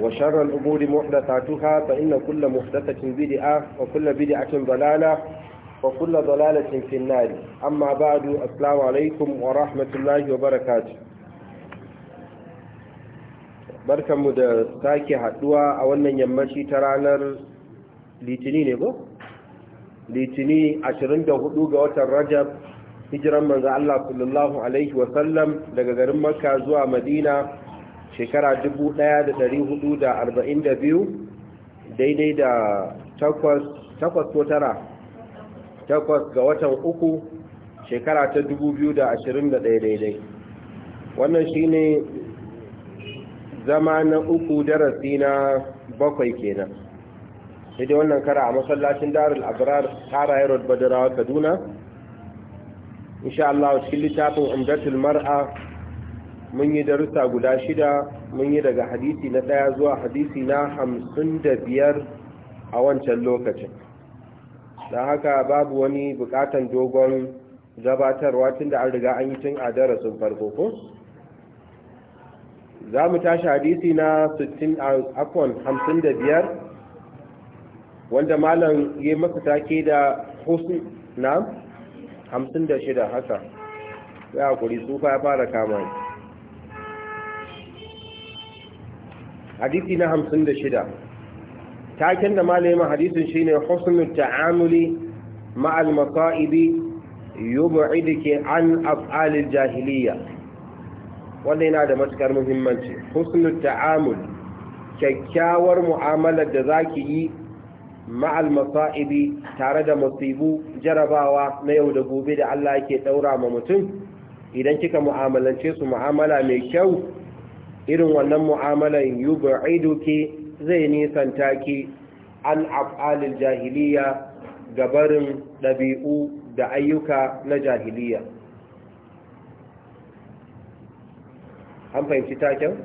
وشر الأمور محدثاتها فإن كل محدثة بدعة وكل بدعة ضلالة وكل ضلالة في النار أما بعد السلام عليكم ورحمة الله وبركاته barkanmu da sake haduwa a wannan yammaci ta ranar litini ne ko? litini 24 ga watan rajab hijiran manzo Allah sallallahu alaihi wasallam daga garin makka zuwa madina shekara 1442 daidai da takwas ko tara takwas ga watan uku shekara ta 2021 daidai wannan shi ne zama na uku darasi na bakwai kenan sai dai wannan kara a masallacin darul abrar yarod badarawa kaduna insha Allah cikin littafin umdatul mar'a mun yi darussa guda shida mun yi daga hadisi na ɗaya zuwa hadisi na hamsin da biyar a wancan lokacin da haka babu wani bukatan dogon gabatarwa tun da an riga an yi tun a darasin farko ko za mu tashi hadisi na hamsin da biyar wanda malam ya masa take da husn na shida haka ya hakuri tsufa ya fara kama hadisi na hamsin da shida taken da malamin hadisin shine husnul ta'amuli ma'al masa'ibi yub'idki an af'alil jahiliya wannan yana da matukar muhimmanci husnul ta'amul kyakkyawar mu'amalar da zaki yi ma'al masa'ibi tare da musibu jarabawa na yau da gobe da Allah yake daura ma mutum idan kika mu'amalance su mu'amala mai kyau irin wannan mu'amalan yub'iduki zai nisanta ki an af'alil jahiliya gabarin ɗabi'u da ayyuka na jahiliya an fahimci taken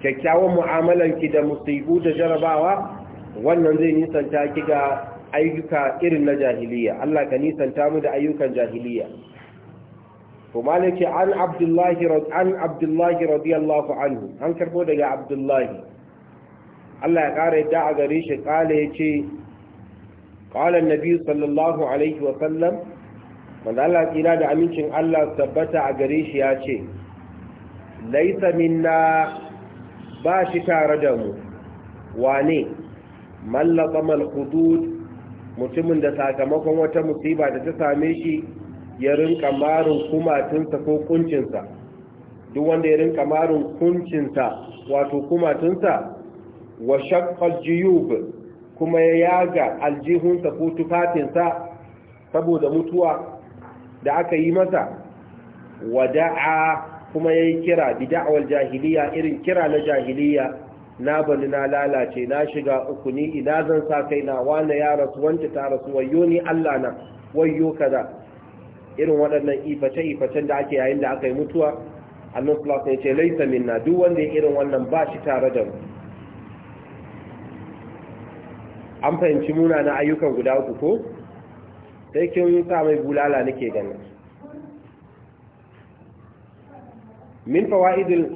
kyakkyawan mu'amalanki da musibu da jarabawa wannan zai nisanta ki ga ayyuka irin na jahiliya Allah ka nisanta mu da ayyukan jahiliya to malaki an abdullahi an abdullahi radiyallahu anhu an karbo daga abdullahi Allah ya kare da a gare shi kale yace qala an-nabi sallallahu alaihi wa sallam wanda Allah tsira da amincin Allah tabbata a gare shi ya ce laisa minna ba shi tare da mu wane mallaka malhudud mutumin da sakamakon wata musiba da ta same shi ya rinka marin kumatinsa ko kuncinsa duk wanda ya rinka marin kuncinsa wato kumatinsa wa jiyub kuma ya yaga aljihunsa ko tufafinsa saboda mutuwa da aka yi masa wada'a kuma ya yi kira bi da'awar jahiliya irin kira na jahiliya na bani na lalace na shiga uku ni ina zan sa kai na wane ya rasu ta rasu wayo ni Allah na wayo kaza irin waɗannan iface-ifacen da ake yayin da aka yi mutuwa annan ne ce laisa minna duk wanda ya irin wannan ba shi tare da mu an fahimci muna na ayyukan guda uku ko sai kin sa mai bulala nake ganin min fawaidul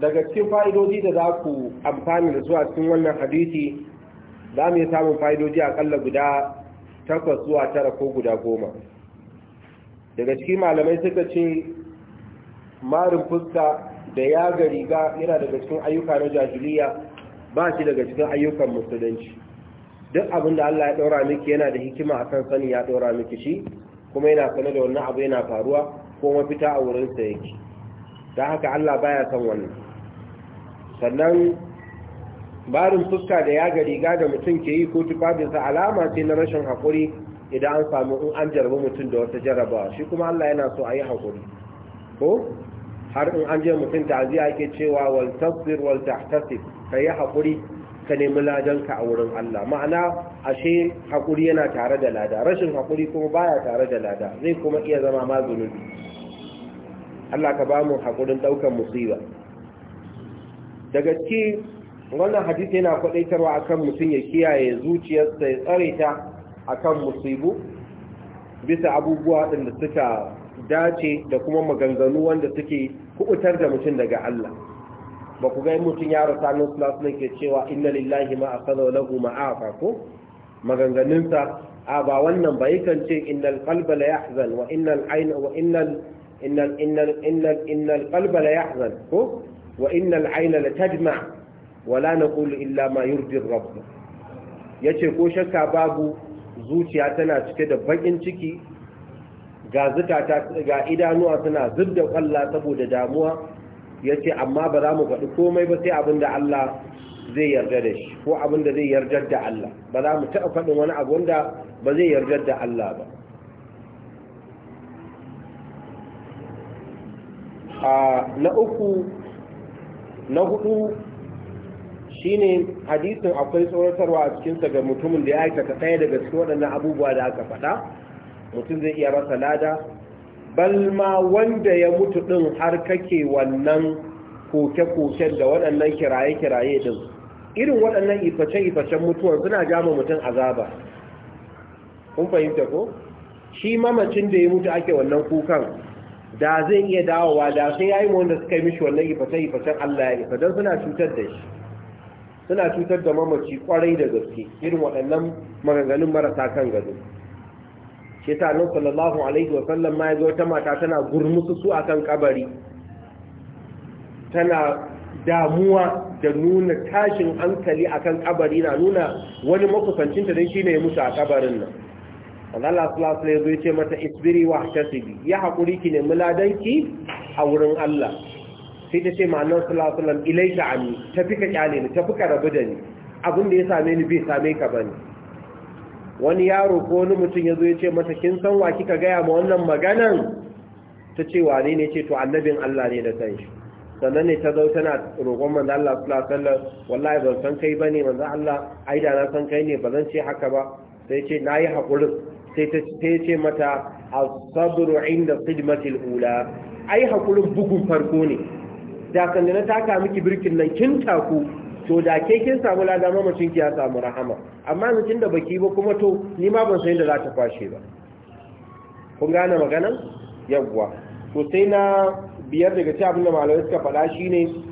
daga cikin fa'idodi da za ku amfani da zuwa cikin wannan hadisi za mu yi samun fa'idoji akalla guda takwas zuwa tara ko guda goma daga cikin malamai suka ce marin fuska da ya gari riga yana daga cikin ayyuka na jahiliya ba shi daga cikin ayyukan musulunci duk abin da Allah ya ɗora miki yana da hikima a kan sani ya ɗora miki shi kuma yana sane da wannan abu yana faruwa ko mafita a wurinsa yake don haka Allah ba ya san wannan sannan barin fuska da ya yaga riga da mutum ke yi ko tufafinsa alama ce na rashin haƙuri idan an samu in an jarabi mutum da wata jarabawa shi kuma Allah yana so a yi haƙuri ko har in an je mutum ta'aziyya ake cewa wal tasbir wal tahtasib ka yi haƙuri ka nemi ladanka a wurin Allah ma'ana ashe haƙuri yana tare da lada rashin haƙuri kuma baya tare da lada zai kuma iya zama ma zunubi Allah ka ba mu haƙurin ɗaukan musiba daga ci wannan hadisi yana kwaɗaitarwa akan mutum ya kiyaye zuciyarsa ya tsare ta akan musibu bisa abubuwa ɗin suka dace da kuma maganganu wanda suke kubutar da mutum daga Allah ba ku gai mutum ya rasa nan class ke cewa inna lillahi ma akhadha lahu ma afa ko maganganunsa a ba wannan ba kan ce innal qalba la yahzan wa innal ayna wa innal innal innal innal innal qalba la yahzan ko wa innal ayna la tajma' wa la naqulu illa ma yurdi rabb yace ko shakka babu zuciya tana cike da bakin ciki ga zukata ga idanuwa suna zubda kwalla saboda damuwa yace amma ba za mu faɗi komai ba sai abinda Allah zai yarda da shi ko abinda zai yarda da Allah ba za mu taɓa faɗin wani abu wanda ba zai yarda da Allah ba ah, na uku na hudu shine hadisin akwai tsoratarwa a cikinsa ga mutumin da ya aikata ɗaya daga cikin waɗannan abubuwa da aka faɗa mutum zai iya rasa lada balma wanda ya mutu ɗin har kake wannan koke-koken da waɗannan kiraye-kiraye ɗin irin waɗannan ifacen ifacen mutuwar suna jama mutum azaba kun fahimta ko shi mamacin da ya mutu ake wannan kukan da zai iya dawowa da sai ya yi wanda suka yi mishi wannan ifacen ifacen allah ya ifa don suna cutar da shi suna cutar da mamaci kwarai da gaske irin waɗannan maganganun marasa kan gado shi ta nan sallallahu alaihi wasallam ma ya zo ta mata tana gurmusu su akan kabari tana damuwa da nuna tashin hankali akan kabari na nuna wani makusancinta don shi ne ya mutu a kabarin nan Allah sallallahu alaihi wasallam ya ce mata isbiri wa tasibi ya hakuri ki ne muladanki a wurin Allah sai ta ce ma'anar sulasulam ilai sha'ani fi ka kyale ni fi ka rabu da ni abinda ya same ni bai same ka ba ne wani yaro ko wani mutum ya zo ya ce masa kin san wa kika gaya ma wannan maganan ta ce wane ne ce to annabin Allah ne da san shi sannan ne ta zo tana roƙon manzan Allah sallallahu wallahi ban san kai ne manzan Allah ai da na san kai ne ba zan ce haka ba sai ce na yi hakuri, sai ta ce mata asabru inda sidmatil ula ai hakurin bugun farko ne da sanda na taka miki birkin nan kin taku to da ke kin samu ladama mutum ki ya samu rahama amma mutum da baki ba kuma to ni ma ban san da za ta fashe ba kun gane maganan yawwa to sai na biyar daga cikin abin da malamai suka faɗa shine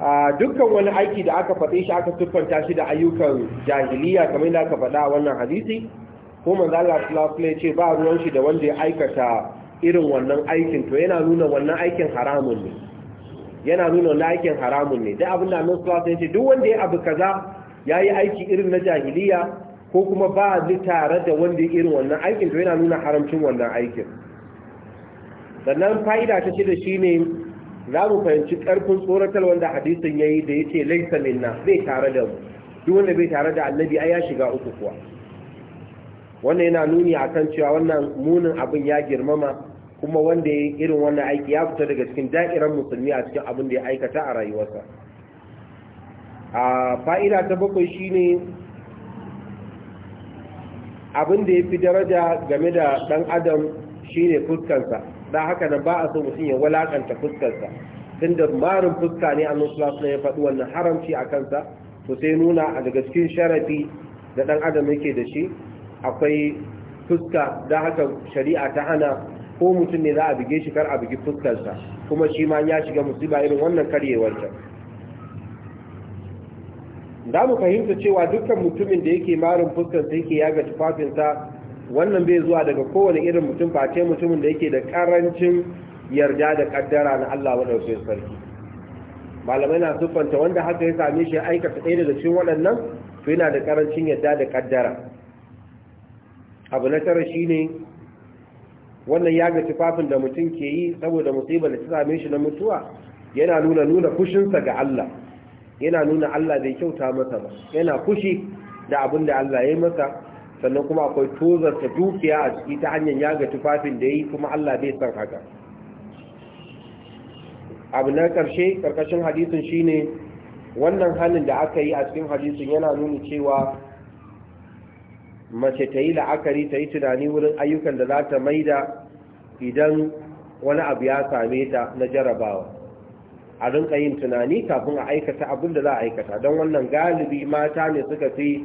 a dukkan wani aiki da aka faɗe shi aka tuffanta shi da ayyukan jahiliya kamar da aka faɗa a wannan hadisi ko manzo Allah sallallahu alaihi ce ba ruwan shi da wanda ya aikata irin wannan aikin to yana nuna wannan aikin haramun ne yana nuna wannan aikin haramun ne duk abin da annabi sallallahu alaihi wasallam duk wanda ya abu kaza yayi aiki irin na jahiliya ko kuma ba ni tare da wanda ya irin wannan aikin to yana nuna haramcin wannan aikin sannan fa'ida ta ce da shi ne, za mu fahimci karfin tsoratar wanda hadisin yi da ya ce, laisa minna bai tare da mu duk wanda bai tare da annabi ai ya shiga uku kuwa wannan yana nuni akan cewa wannan munin abin ya girmama kuma wanda ya irin wannan aiki ya fita daga cikin da'irar musulmi a cikin abin da ya aikata a rayuwarsa a fa'ida ta bakwai shi ne abin da ya fi daraja game da ɗan adam ne fuskarsa don haka nan ba a so mutum ya walakanta fuskarsa tun da marin fuska ne annon sulasu ya faɗi wannan haramci a kansa to sai nuna a daga cikin sharafi da ɗan adam yake da shi akwai fuska da haka shari'a ta hana ko mutum ne za a buge shi kar a bugi fuskarsa kuma shi ma ya shiga musiba irin wannan karyewarta za mu fahimta cewa dukkan mutumin da yake marin fuskarsa yake yaga tufafinsa wannan bai zuwa daga kowane irin mutum face mutumin da yake da karancin yarda da kaddara na Allah waɗansu sarki malamai na sufanta wanda haka ya same shi aikata ɗaya daga cikin waɗannan to yana da karancin yarda da kaddara abu na tara shine wannan ya ga tufafin da mutum ke yi saboda musibar da ta same shi na mutuwa yana nuna nuna fushinsa ga Allah yana nuna Allah bai kyauta masa ba yana fushi da abin da Allah ya yi masa sannan kuma akwai ta dukiya a ciki ta hanyar ya ga tufafin da yi kuma Allah bai san haka abu na karshe karkashin hadisin shine wannan halin da aka yi a cikin hadisin yana nuna cewa mace ta yi la'akari ta yi tunani wurin ayyukan da za ta maida idan wani abu ya same ta na jarabawa a rinka yin tunani kafin a aikata abin da za a aikata don wannan galibi mata ne suka fi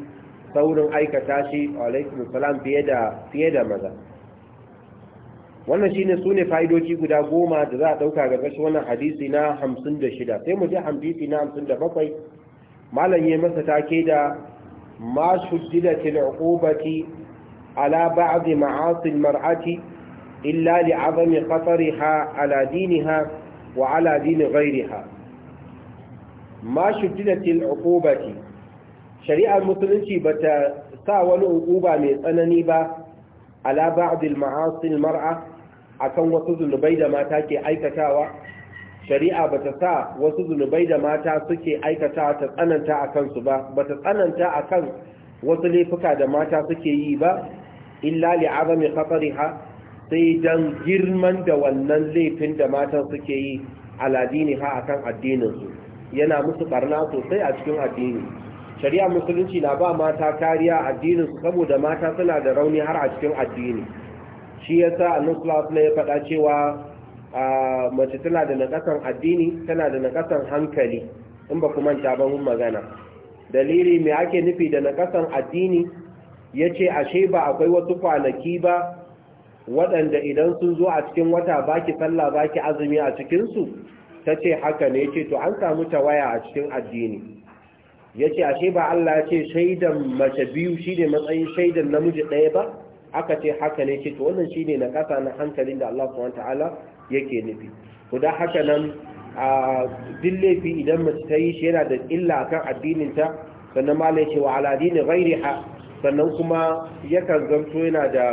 saurin aikata shi alaikumussalam fiye da maza wannan shine su ne fa'idoci guda goma da za a ɗauka ga gashi wannan hadisi na hamsin da shida sai mu je hadisi na hamsin da bakwai malam yi masa take da ما شددت العقوبة على بعض معاصي المرأة إلا لعظم خطرها على دينها وعلى دين غيرها ما شددت العقوبة شريعة المسلمين بتساوى العقوبة من أنني على بعض المعاصي المرأة akan wasu zunubai da mata ke aikatawa shari'a ta sa wasu zunubai da mata suke aikata ta tsananta a kansu ba ba ta tsananta a kan wasu laifuka da mata suke yi ba illa li'azami ha sai don girman da wannan laifin da matan suke yi aladini ha akan addininsu yana musu barna sosai a cikin addini shari'a musulunci na ba mata kariya addininsu saboda mata suna da rauni har a cikin addini shi yasa annabi sallallahu ya faɗa cewa mace tana da nakasan addini tana da nakasan hankali in ba kuma manta ba mun magana dalili me ake nufi da nakasan addini yace ashe ba akwai wasu kwanaki ba waɗanda idan sun zo a cikin wata baki sallah baki azumi a cikinsu? su tace haka ne yace to an samu ta waya a cikin addini yace ashe ba Allah yace shaidan mace biyu shine matsayin shaidan namiji ɗaya ba aka ce haka ne ce to wannan shine na kasa na hankalin da Allah subhanahu ta'ala yake nufi kuda haka nan a laifi idan mace ta yi shi yana da illa akan addininta sannan ma lai cewa aladini gairi ha sannan kuma yakan zanto yana da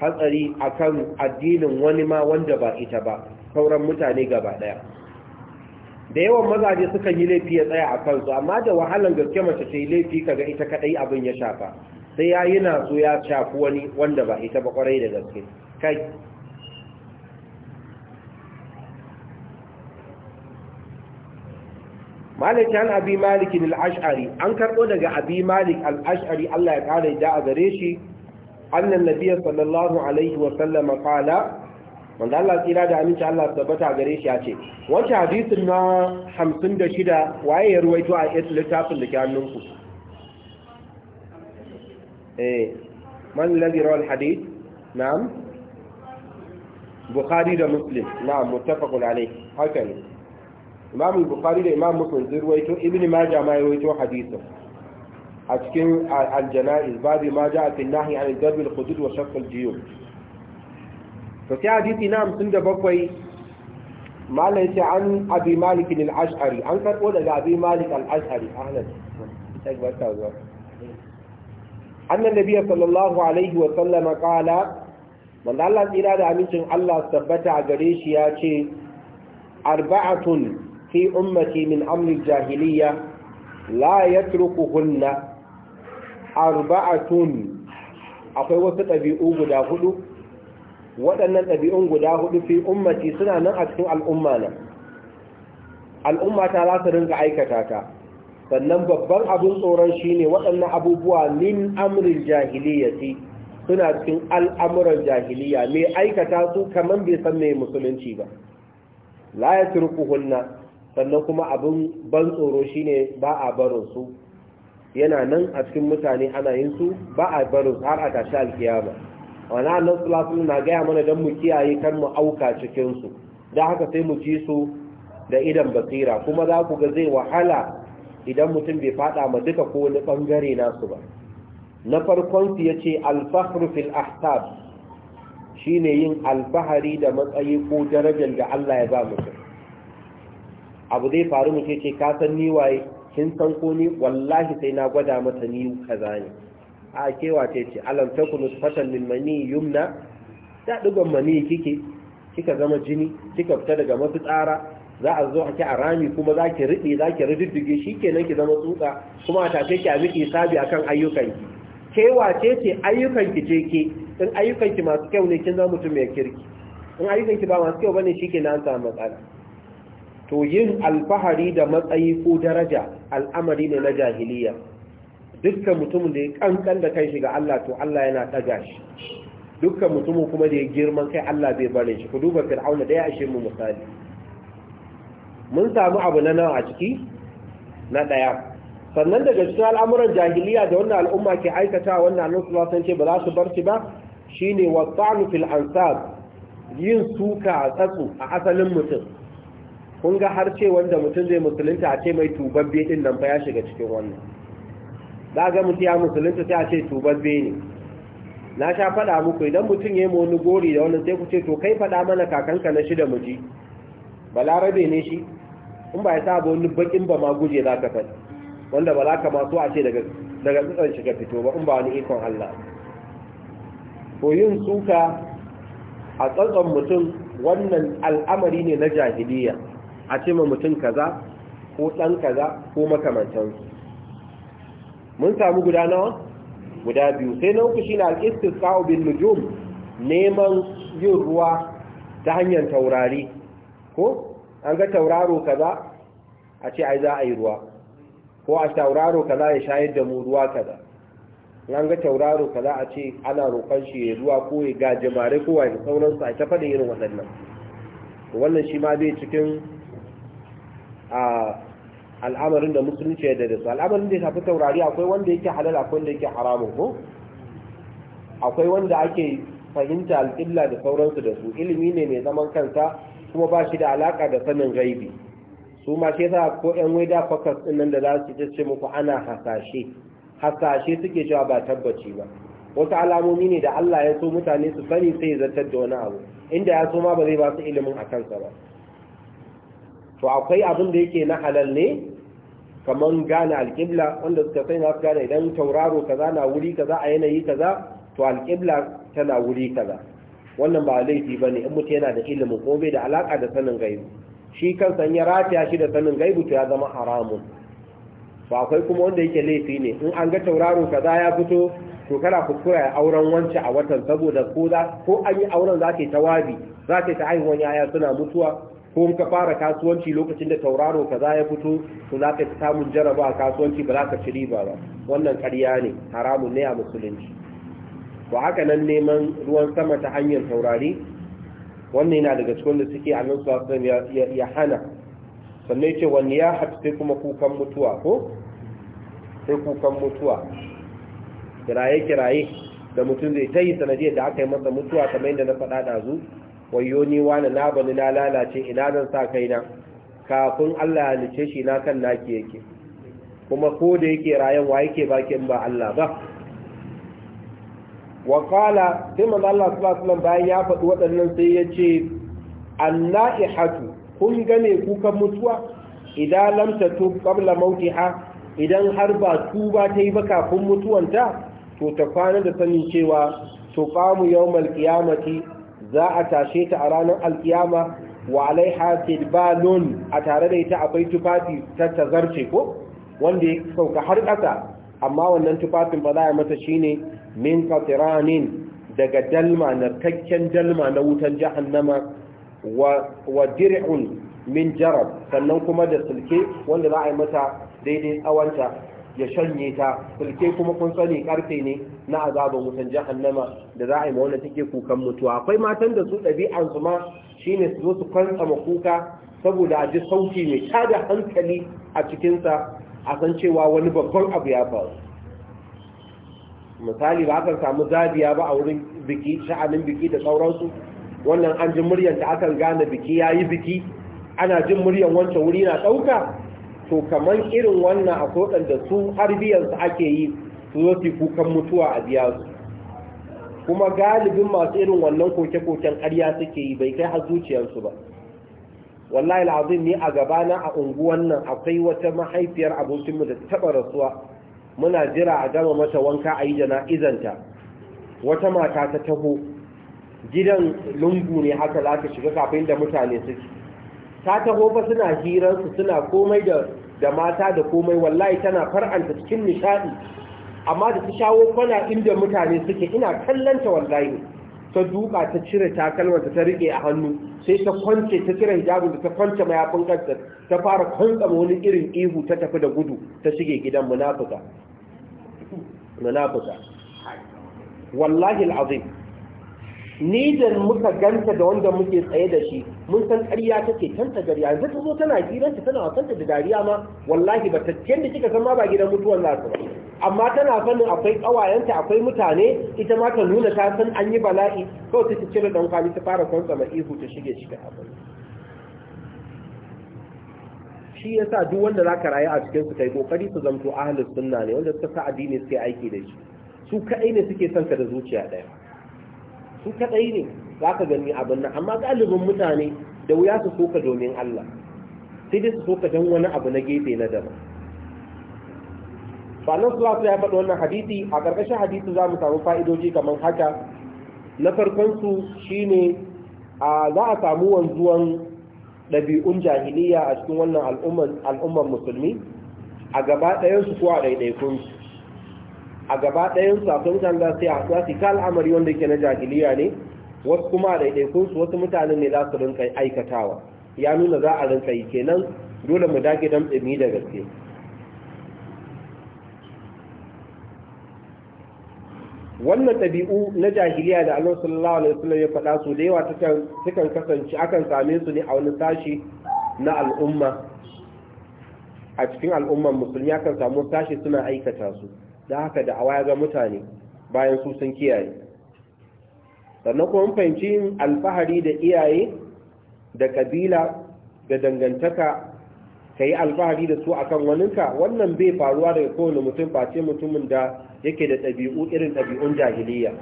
hatsari akan addinin wani ma wanda ba ita ba sauran mutane gaba daya da yawan mazaje sukan yi laifi ya tsaya a kansu amma da wahalan gaske mace ta yi laifi kaga ita kadai abin ya shafa sai ya yi so ya shafi wani wanda ba ita ba kwarai da gaske kai malik an abi malik al-ash'ari an karbo daga abi malik al-ash'ari Allah ya kare da a gare shi annan nabiyyi sallallahu alaihi wa sallama qala wanda Allah tsira da aminci Allah tabbata gare shi ya ce wace hadisin na 56 waye ya ruwaito a littafin da ke hannunku eh man alladhi imam bukhari da imam muslim sun ruwaito ibn majah ma ya ruwaito hadisin a cikin al-jana'iz babu ma a fi nahyi an al-darb al-khudud wa shaqq al-jiyub to sai hadisi na 57 malai yace an abi malik al-ash'ari an karbo daga abi malik al-ash'ari ahlan sai ba ta zuwa annan nabiyyi sallallahu alaihi wa sallam qala man Allah tsira da amincin Allah tabbata a gare shi ya ce arba'atun في أمتي من أمر الجاهلية لا يتركهن أربعة akwai wasu ɗabi'u guda hudu waɗannan ɗabi'un guda hudu fi ummati suna nan a cikin al'umma nan al'umma za su rinka aikatata. sannan babban abin tsoron shine waɗannan abubuwa min amrin jahiliyyati suna cikin al'amuran jahiliya mai aikata su kamar bai san mai musulunci ba la ya turkuhunna sannan kuma abin ban tsoro shi ne ba a barin yana nan a cikin mutane ana yin su ba a barin har a tashi alkiyama wani annan sulasun na gaya mana don mu kiyaye kan mu auka cikin su da haka sai mu ci su da idan basira kuma za ku ga zai wahala idan mutum bai fada ma duka ko wani bangare nasu ba na farkon su ya ce alfahrufil fil ahsab shine yin alfahari da matsayi ko darajar da Allah ya ba mutum abu zai faru mu ce ka san ni waye kin san ko ni wallahi sai na gwada mata ni kaza ne a kewa ce ce alam takunu fatan min mani yumna da dugon mani kike kika zama jini kika fita daga mafitsara za a zo ake a rami kuma za ki riɗe za ki rididdige shi kenan ki zama tsuka kuma a tafe ki a miƙe sabi a kan ayyukanki Kewa ce ce ayyukanki je ke in ayyukanki masu kyau ne kin zama mutum mai kirki in ayyukanki ba masu kyau bane shi ke an samu matsala to yin alfahari da matsayi ko daraja al'amari ne na jahiliya dukkan mutumin da ya kankan da kai shi ga Allah to Allah yana daga shi dukkan mutumin kuma da ya girman kai Allah bai bare shi ku duba fir'auna da ya ashe mu misali mun samu abu na nawa a ciki na daya sannan daga cikin al'amuran jahiliya da wannan al'umma ke aikata wannan annabi sallallahu alaihi wasallam ce ba za su bar shi ba shine wasa'u fil ansab yin suka a tsatsu a asalin mutum kun ga har ce wanda mutum zai musulunta a ce mai tubabbe din nan fa ya shiga cikin wannan da ga mutum ya musulunta sai a ce tubabbe ne na sha faɗa muku idan mutum ya yi wani gori da wannan sai ku ce to kai faɗa mana kakanka na shida muji balarabe ne shi in ba ya sa wani bakin ba ma guje za ka faɗi wanda ba za ka masu a ce daga tsitsan shiga fito ba in ba wani ikon Allah to yin suka a tsantsan mutum wannan al'amari ne na jahiliya a ce ma mutum kaza ko ɗan kaza ko makamantansu mun samu guda nawa guda biyu sai na uku shine al-istisqa bin nujum neman yin ruwa ta hanyar taurari ko an ga tauraro kaza a ce ai za a yi ruwa ko a tauraro kaza ya shayar da mu ruwa kaza an ga tauraro kaza a ce ana roƙon shi ya ruwa ko ya gajimare ko wani sauransu a ta faɗin irin waɗannan wannan shi ma bai cikin a al'amarin da musulunci ya dare su al'amarin da ya shafi taurari akwai wanda yake halal akwai wanda yake haramun ko akwai wanda ake fahimta al'illa da sauransu da su ilimi ne mai zaman kansa kuma ba shi da alaka da sanin gaibi su ma shi yasa ko yan waida fakas din nan da za su ce muku ana hasashe hasashe suke cewa ba tabbaci ba wasu alamomi ne da Allah ya so mutane su sani sai zartar da wani abu inda ya so ma ba zai ba su ilimin a kansa ba to akwai abin da yake na halal ne kaman gane alƙibla wanda suka sai na gane idan tauraro kaza na wuri kaza a yanayi kaza to alƙibla tana wuri kaza wannan ba laifi ba ne in mutu yana da ilimi ko bai da alaƙa da sanin gaibu shi kan ya rataya shi da sanin gaibu to ya zama haramun To akwai kuma wanda yake laifi ne in an ga tauraro kaza ya fito to kana kuskura ya auren wancan a watan saboda ko an yi auren za ta yi tawabi za ta yi ta haihuwan yaya suna mutuwa ko ka fara kasuwanci lokacin da tauraro kaza ya fito to za ka samun jaraba a kasuwanci ba za ka ci riba ba wannan ƙarya ne haramun ne a musulunci ba haka nan neman ruwan sama ta hanyar taurari wannan yana daga cikin da suke a nan sassan ya hana sannan ce wani ya haɗu kuma kukan mutuwa ko sai kukan mutuwa kiraye-kiraye da mutum zai ta yi sanadiyar da aka yi masa mutuwa kamar yadda na faɗa dazu wayo ni wani na bani na lalace ina zan sa kaina kafin Allah ya lice shi na kan naki yake kuma ko da yake rayan wa yake bakin ba Allah ba wa qala sai Allah subhanahu wa ta'ala bayan ya faɗi waɗannan sai ya ce annaihatu kun gane kukan mutuwa idan lam tatub qabla mautiha idan har ba tuba ta yi ba kafin mutuwanta to ta kwana da sanin cewa tuqamu yawmal qiyamati za a tashe ta a ranar alkiyama wa alaiha tilbalun a tare da ita akwai tufafi ta tazarce ko wanda ya sauka har ƙasa amma wannan tufafin ba za a mata shine min qatiranin daga dalma na kakken dalma na wutan jahannama wa wa dir'un min jarab sannan kuma da sulke wanda za a mata daidai tsawonta. ya shanye ta sulke kuma kun sani karfe ne na azaban wutan jahannama da za a yi ma wanda take kukan mutuwa akwai matan da su ɗabi'an su ma shine su zo su kantsama kuka saboda a ji sauti mai tada hankali a cikinsa a san cewa wani babban abu ya faru misali ba akan samu zabiya ba a wurin biki sha'anin biki da sauransu wannan an ji muryanta akan gane biki ya yi biki ana jin muryan wancan wuri na ɗauka to kamar irin wannan a da su har biyansu ake yi su zo su kukan mutuwa a biya su kuma galibin masu irin wannan koke-koken karya suke yi bai kai har zuciyarsu ba wallahi al'azim ne a gabana a unguwan nan akwai wata mahaifiyar abokinmu da taɓa rasuwa muna jira a gama mata wanka a yi jana'izanta wata mata ta taho gidan lungu ne haka za ka shiga kafin da mutane suke ta taho fa suna hirarsu suna komai da mata da komai wallahi tana far'anta cikin nishadi amma da ta shawo kwana inda mutane suke ina kallanta wallahi ta duka ta cire takalmanta ta rike a hannu sai ta kwance ta cire hijabin da ta kwance mayafin kanta ta fara kwanta wani irin ihu ta tafi da gudu ta shige gidan munafuka munafuka wallahi al'azim ni da muka ganta da wanda muke tsaye da shi mun san ƙarya take tanta garya yanzu ta zo tana ta tana wasanta da dariya ma wallahi ba ta da kika san ma ba gidan mutuwar nasu ba amma tana sanin akwai ƙawayenta akwai mutane ita ma ta nuna ta san an yi bala'i kawai ta cire ɗan kwali ta fara kwanta ma ihu ta shige shi da abin shi yasa duk wanda za ka rayu a cikin su kai kokari su zamto ahlus sunna ne wanda suka sa addini suke aiki da shi su kaɗai ne suke son ka da zuciya ɗaya. su kadai ne za ka gani abin nan amma galibin mutane da wuya su soka domin Allah sai dai su soka don wani abu na gefe na daban nan su ya faɗi wannan hadisi a ƙarƙashin hadisi za mu samu fa'idoji kamar haka na farkonsu shine a za a samu wanzuwan ɗabi'un jahiliya a cikin wannan al'ummar musulmi a gaba ɗayansu ko a ɗaiɗaikunsu a gaba ɗayan su akwai mutane za su yi al'amari wanda ke na jahiliya ne wasu kuma ɗaiɗaikun su wasu mutane ne za su rinka aikatawa ya nuna za a rinka yi kenan dole mu dage don ɗumi da gaske wannan ɗabi'u na jahiliya da Allah sallallahu alaihi wasallam ya faɗa su da yawa sukan kasance akan same su ne a wani sashi na al'umma a cikin al'umman musulmi akan samu sashi suna aikata su da haka da awa ya ga mutane bayan su sun kiyaye sannan kuma fahimci alfahari da iyaye da kabila da dangantaka ka yi alfahari da su akan waninka wannan bai faruwa daga kowane mutum face mutumin da yake da ɗabi'u irin ɗabi'un jahiliya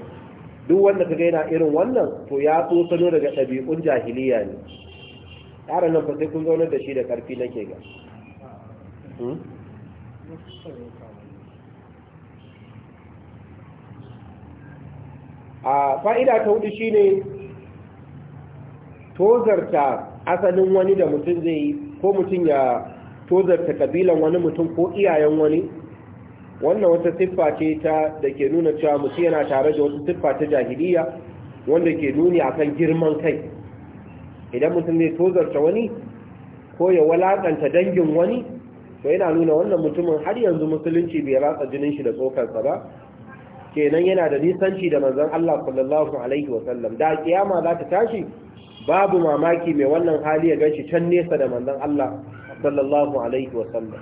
duk wanda ka gaina irin wannan to ya tsosano daga ɗabi'un jahiliya ne ƙara nan fa sai kun zaunar da shi da ƙarfi nake ga hmm? a fa'ida ta hudu ne tozarta asalin wani da mutum zai yi ko mutum ya tozarta kabilan wani mutum ko iyayen wani wannan wata siffa ce ta da ke nuna cewa mutum yana tare da wasu siffa ta jahiliya wanda ke nuni a kan girman kai idan mutum zai tozarta wani ko ya walakanta dangin wani to yana nuna wannan mutumin har yanzu musulunci bai ratsa jinin shi da tsokarsa ba kenan yana da nisanci da manzon Allah sallallahu alaihi wasallam da kiyama za ta tashi babu mamaki mai wannan hali ya ganshi can nesa da manzon Allah sallallahu alaihi wasallam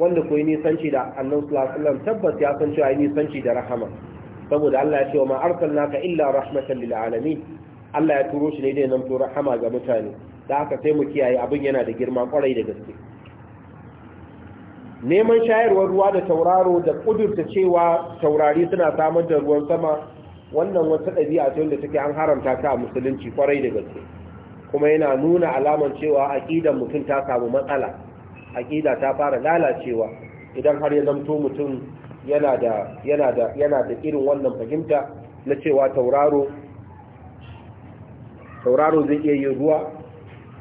wanda koyi nisanci da annabi sallallahu alaihi wasallam tabbas ya san cewa nisanci da rahama saboda Allah ya ce wa ma arsalnaka illa rahmatan lil alamin Allah ya turo shi ne da nan to rahama ga mutane da haka sai mu kiyaye abin yana da girma kwarai da gaske neman shayarwar ruwa da tauraro da kudurta cewa taurari suna samar da ruwan sama wannan wata ɗabi'a ce wanda take an haramta ta a musulunci kwarai da gaske kuma yana nuna alaman cewa aƙidar mutum ta samu matsala aƙida ta fara lalacewa idan har ya zamto mutum yana da irin wannan fahimta na cewa tauraro tauraro zai iya yin ruwa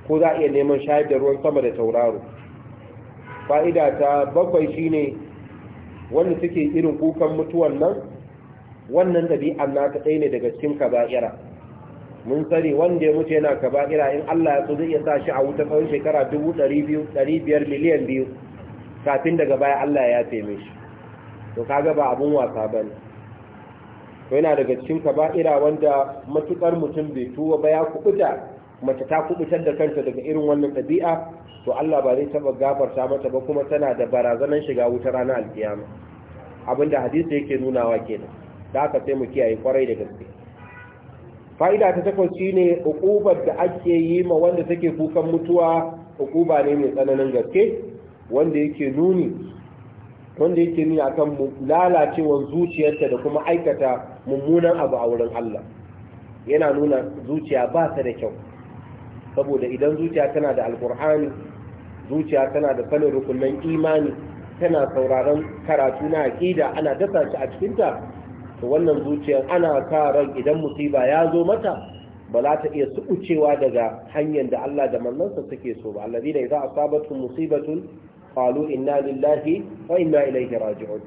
ko za a iya neman shayar da ruwan sama da tauraro fa'ida ta bakwai shine wanda suke irin kukan mutuwan nan wannan na naka ɗaya ne daga cikin kaba'ira mun sani wanda ya mutu yana kaba'ira in Allah ya zai sa shi a wuta tsawon shekara 200,500 miliyan biyu kafin daga baya Allah ya teme shi to kaga ba abun wasa bane ne. yana daga cikin kaba'ira wanda matukar mutum bai tuwa ba ya kubuta mace ta kubutar da kanta daga irin wannan ɗabi'a to Allah ba zai taɓa gafarta mata ba kuma tana da barazanar shiga wuta ranar alkiyama abinda hadisi yake nunawa kenan da aka sai mu kiyaye kwarai da gaske fa'ida ta takwas shine uqubar da ake yi ma wanda take kukan mutuwa uquba ne mai tsananin gaske wanda yake nuni wanda yake nuni akan lalacewar zuciyarta da kuma aikata mummunan abu a wurin Allah yana nuna zuciya ba ta da kyau saboda idan zuciya tana da alkur'ani zuciya tana da kalin rukunan imani tana sauraron karatu na aƙida ana dasa shi a cikinta to wannan zuciyar ana sa ran idan musiba ya zo mata ba za ta iya suɓucewa daga hanyar da Allah da mallansa suke so ba da idan asabatu musibatun qalu inna lillahi wa inna ilaihi raji'un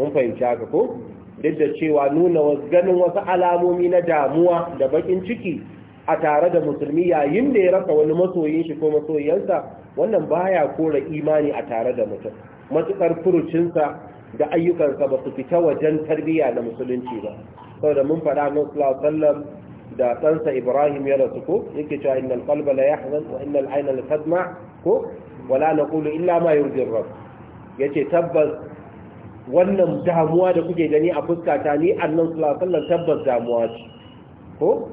mun fahimci haka ko duk da cewa nuna ganin wasu alamomi na damuwa da bakin ciki a tare da musulmi yayin da ya rasa wani masoyin shi ko masoyiyansa wannan baya kora imani a tare da mutum matukar furucinsa da ayyukansa ba su fita wajen tarbiyya na musulunci ba saboda mun faɗa nan sallallahu da ɗansa Ibrahim ya rasu ko yake cewa innal qalba la yahzan wa innal ayna la tadma ko wala naqulu illa ma yurdi rabb yace tabbas wannan damuwa da kuke gani a fuskata ni annan sallallahu tabbas damuwa ce ko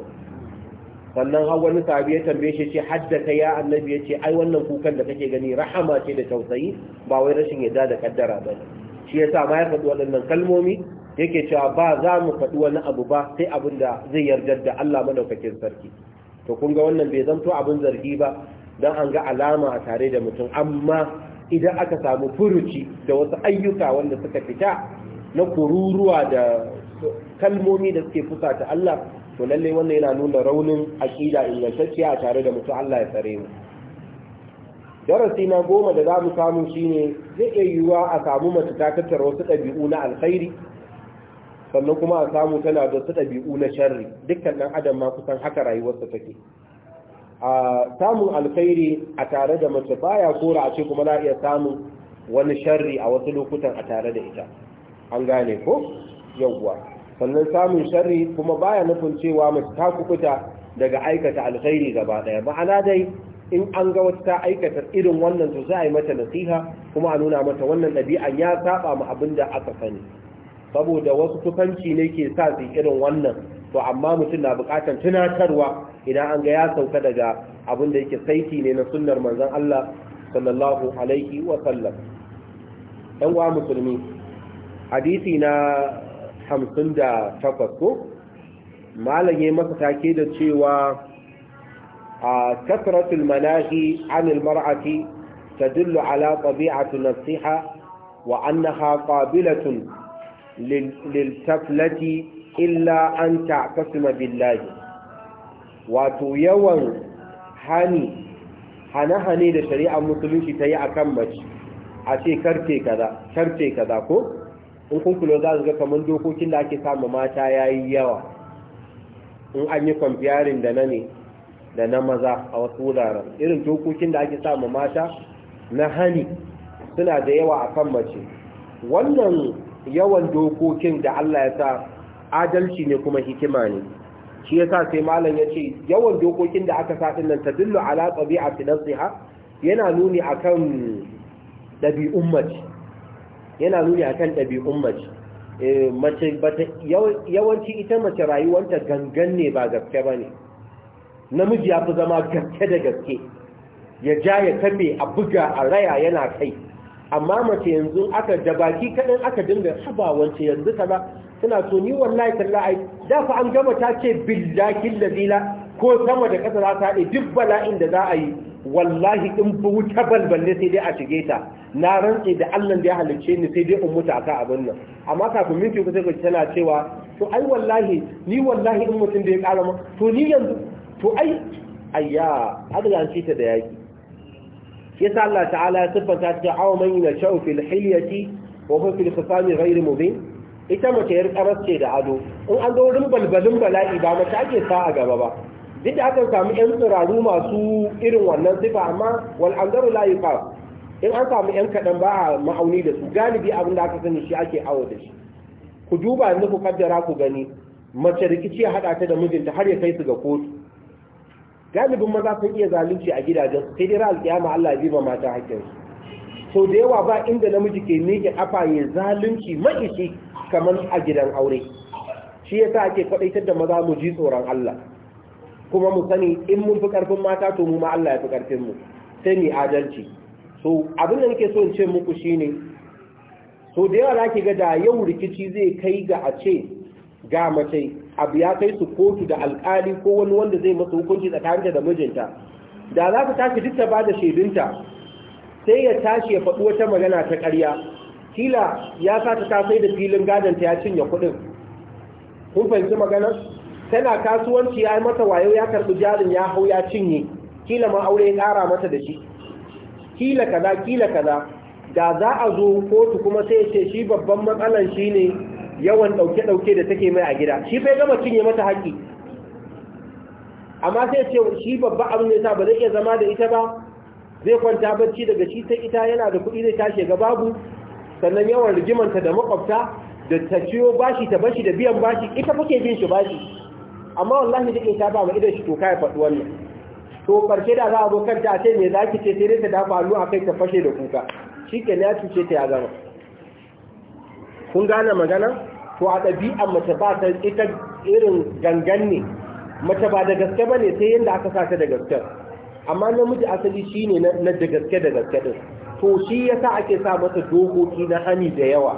sannan har wani sahabi ya tambaye shi ce haddaka ya annabi ya ce ai wannan kukan da kake gani rahama ce da tausayi ba wai rashin yadda da kaddara ba shi ya sa ma ya faɗi waɗannan kalmomi yake cewa ba za mu faɗi wani abu ba sai abin da zai yarda da Allah madaukakin sarki to kun ga wannan bai zanto abin zargi ba dan an ga alama a tare da mutum amma idan aka samu furuci da wasu ayyuka wanda suka fita na kururuwa da kalmomi da suke fusata Allah to lalle wannan yana nuna raunin aƙida ingantacciya a tare da mutum Allah ya tsare mu darasi na goma da zamu samu shine zai iya yiwuwa a samu mace ta tattara wasu ɗabi'u na alkhairi sannan kuma a samu tana da wasu ɗabi'u na sharri dukkan ɗan adam ma kusan haka rayuwarsa take a samun alkhairi a tare da mace baya kora a ce kuma a iya samun wani sharri a wasu lokutan a tare da ita an gane ko yawwa sannan samun sharri kuma baya nufin cewa mace ta kukuta daga aikata alkhairi gaba daya ma'ana dai in an ga wata ta aikata irin wannan to sai a yi mata nasiha kuma a nuna mata wannan ɗabi'an ya saba mu abin da aka sani saboda wasu tukanci ne ke sa su irin wannan to amma mutum na buƙatar tunatarwa idan an ga ya sauka daga abin da yake saiti ne na sunnar manzon Allah sallallahu alaihi wa sallam ɗan uwa musulmi hadisi na hamsin da takwas ko malam ya masa take da cewa a kasratul manahi anil mar'ati tadullu ala tabi'atu nasiha wa annaha qabilatun lil illa an ta'tasima billahi wato yawan hani hane-hane da shari'ar musulunci ta yi akan mace a ce karfe kaza ko in kun kula za ga kamar dokokin da ake samu mata ya yi yawa in an yi kwamfiyarin da na ne da na maza a wasu wuraren irin dokokin da ake samu mata na hani suna da yawa a kan mace wannan yawan dokokin da Allah ya sa adalci ne kuma hikima ne shi ya sa sai malam ya ce yawan dokokin da aka sa nan ta dillu ala tabi'ati ha yana nuni akan ɗabi'un mace yana nuni akan ɗabi'un mace eh, mace yawanci ita mace rayuwanta gangan ne ba gaske ba ne namiji ya fi zama gaske da gaske ya ja ya tabe a buga a raya yana kai amma mace yanzu aka da baki kaɗan aka dinga haba wance yanzu kaza suna so ni wallahi tallahi da fa an gama ta ce billahi lazila ko sama da ƙasa za ta haɗe duk bala'in da za a yi wallahi in bi wuta balballe sai dai a shige ta na rantse da Allah da ya halicce ni sai dai in mutu akan abin nan amma kafin minti ku sai ku tana cewa to ai wallahi ni wallahi in mutum da ya ƙara ma to ni yanzu to ai ayya adala an ta da yaki sa Allah ta'ala ya siffanta ta awa man na sha'u fil hilyati wa huwa fil khisami ghayr mubin ita mace yar karas ce da ado in an ga wurin balbalin bala'i ba mace ake sa a gaba ba duk da aka samu yan tsiraru masu irin wannan sifa amma wal anzaru la in an samu yan kaɗan ba a ma'auni da su galibi abin da aka sani shi ake awo da shi ku duba yanzu ku kaddara ku gani mace rikici ya haɗa ta da mijinta har ya kai su ga kotu galibin maza sun iya zalunci a gidajen sai dai ra'al kiyama Allah ya ba mata hakkin su sau da yawa ba inda namiji ke miƙe ƙafa ya zalunci maishi kamar a gidan aure shi yasa ake faɗaitar da maza mu ji tsoron Allah kuma mu sani in mun fi karfin mata to mu ma Allah ya fi karfin mu sai mu adalci so abin da nake so in ce muku shine so da yawa zaki ga da yau rikici zai kai ga a ce ga mace abu ya kai su kotu da alƙali ko wani wanda zai masa hukunci tsakaninta da mijinta da za ta tashi duk ta ba da shaidunta sai ya tashi ya faɗi wata magana ta ƙarya kila ya sa ta sai da filin gadonta ya cinye kuɗin kun fahimci maganar tana kasuwanci ya yi mata wayo ya karɓi jarin ya hau ya cinye kila ma aure ya ƙara mata da shi kila kaza kila kaza da za a zo kotu kuma sai ya ce shi babban matsalan shi ne yawan ɗauke-ɗauke da take mai a gida shi bai gama cinye mata haƙƙi amma sai ce shi babba abin ya yasa ba zai iya zama da ita ba zai kwanta bacci daga shi sai ita yana da kuɗi zai tashi ga babu sannan yawan rigimanta da makwabta da ta ciyo bashi ta bashi da biyan bashi ita kuke bin shi bashi amma wallahi da ke ta ba ma idan shi toka ya faɗi wannan to barke da za a zo kan a ce me zaki ce sai dai ta dafa hannu a kai ta fashe da kuka shi ya cuce ta ya gama kun gane magana to a ɗabi'a mace ba ta ita irin gangan ne mace ba da gaske ba ne sai yadda aka sa ta da gaske amma namiji asali shi ne na da gaske da gaske ɗin to shi ya sa ake sa mata dokoki na hani da yawa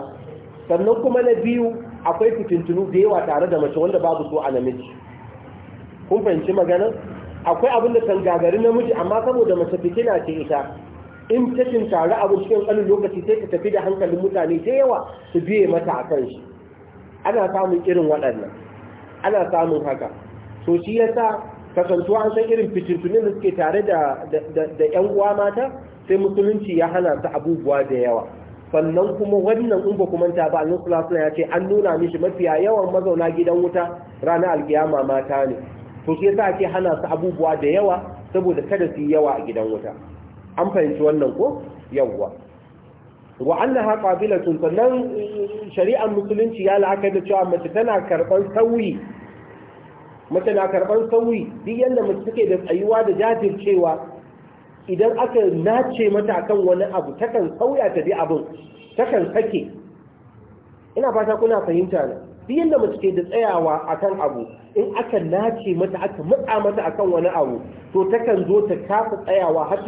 sannan kuma na biyu akwai fitintunu da yawa tare da mace wanda babu so a namiji kun fahimci magana? akwai abin da gagari namiji amma saboda mace fitina ce ita in ta tare abu cikin ƙanin lokaci sai ta tafi da hankalin mutane da yawa su biye mata a kan shi ana samun irin waɗannan ana samun haka so shi yasa kasantuwa an san irin fitintunin da suke tare da 'yan uwa mata sai musulunci ya hana su abubuwa da yawa sannan kuma wannan in ba kumanta ba annabi sallallahu ya ce an nuna mishi mafiya yawan mazauna gidan wuta ranar alkiyama mata ne to shi yasa ake hana su abubuwa da yawa saboda kada su yi yawa a gidan wuta an fahimci wannan ko yawwa wa annaha qabilatun sannan shari'ar musulunci ya la'aka da cewa mace tana karban sauyi mace na karban sauyi duk yanda mace take da tsayuwa da jajircewa idan aka nace mata akan wani abu takan sauya ta bi abin takan sake ina fata kuna fahimta na duk yadda mace ke da tsayawa akan abu in aka nace mata aka matsa mata akan wani abu to takan zo ta kasa tsayawa har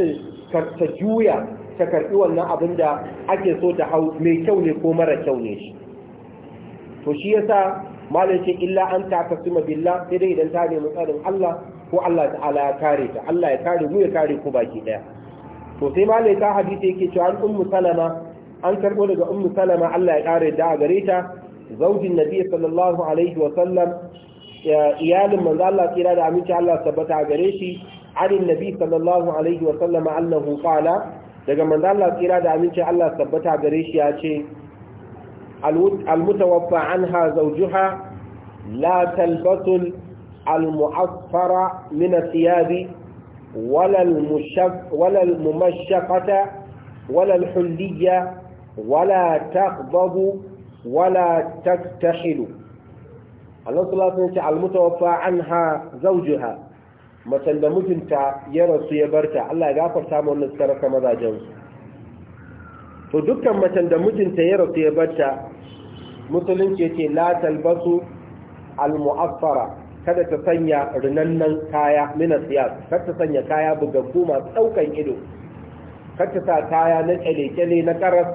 ta juya ta karɓi wannan abin da ake so ta hau mai kyau ne ko mara kyau ne shi to shi yasa malam ce illa an ta kasuma billah sai dai idan ta nemi tsarin Allah ko Allah ta'ala ya kare ta Allah ya kare mu ya kare ku baki daya to sai malam ta hadisi yake cewa an ummu salama an karbo daga ummu salama Allah ya kare da gare ta zaujin nabi sallallahu alaihi wa sallam iyalin manzo Allah tsira da aminci Allah tabbata gare shi anin nabi sallallahu alaihi wa sallama annahu qala daga manzo Allah tsira da aminci Allah tabbata gare shi ya ce المتوفى عنها زوجها لا تلبس المعصفر من الثياب ولا المشف ولا الممشقة ولا الحلية wala تغضب wala taktahilu Allah sallallahu alaihi almutawaffa anha zawjuha macen da mijinta ya rasu ya barta Allah ya gafarta mu wannan suka rasa mazajen su to dukkan macen da mijinta ya rasu ya barta musulunci yace la talbasu almu'affara kada ta sanya rinannan kaya mina siyas kada ta sanya kaya bugaggu masu daukan ido kada ta sa kaya na kyale-kyale na karas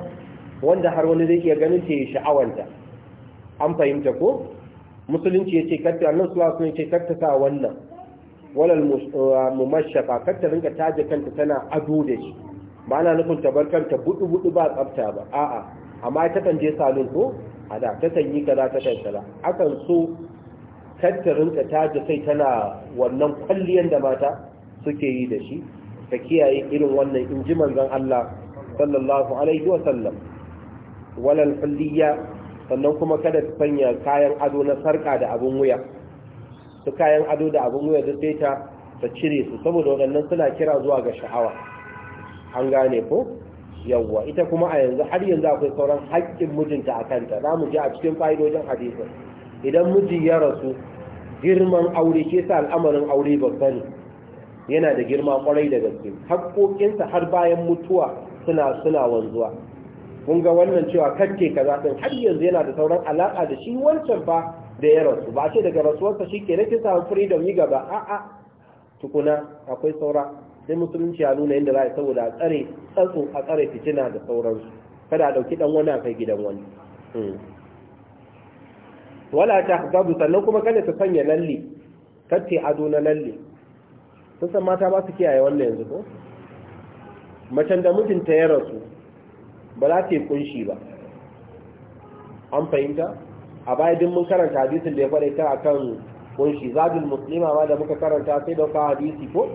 wanda har wani zai iya ganin ce ya sha'awanta an fahimta ko musulunci ya ce karta annan suwa sun ce katta sa wannan walal uh, mumashafa karta rinka taje kanta tana ado da shi ba na nufin ta bar kanta budu budu ba tsafta ba a'a amma ta kan je salon ko a da ta san yi kaza ta kan sala akan so karta rinka taje sai tana wannan kwalliyan da mata suke yi da shi ta kiyaye irin wannan in ji Allah sallallahu alaihi wa sallam walal hulliya sannan kuma kada ta sanya kayan ado na sarka da abun wuya su kayan ado da abin wuya da sai ta ta cire su saboda waɗannan suna kira zuwa ga sha'awa an gane ko yawwa ita kuma a yanzu har yanzu akwai sauran haƙƙin mijinta a kanta za mu a cikin fa'idojin hadisin idan miji ya rasu girman aure ke sa al'amarin aure babba ne yana da girma kwarai da gaske haƙƙoƙinsa har bayan mutuwa suna suna wanzuwa kun ga wannan cewa kacce kaza din har yanzu yana da sauran alaka da shi wancan fa da ya rasu ba ce daga rasuwarsa shi ke nake samun freedom yi gaba a'a tukuna akwai saura sai musulunci ya nuna yadda za a saboda a tsare tsatsu a tsare fitina da sauransu kada a ɗauki ɗan wani a kai gidan wani hmm. wala ta babu sannan kuma kada ta sanya lalle kacce ado na lalle sun san mata ba su kiyaye wannan yanzu ko macen da mijinta ya rasu ba za ta yi kunshi ba an fahimta a baya din mun karanta hadisin da ya faɗa ta akan kunshi zabin muslima ba da muka karanta sai dauka hadisi ko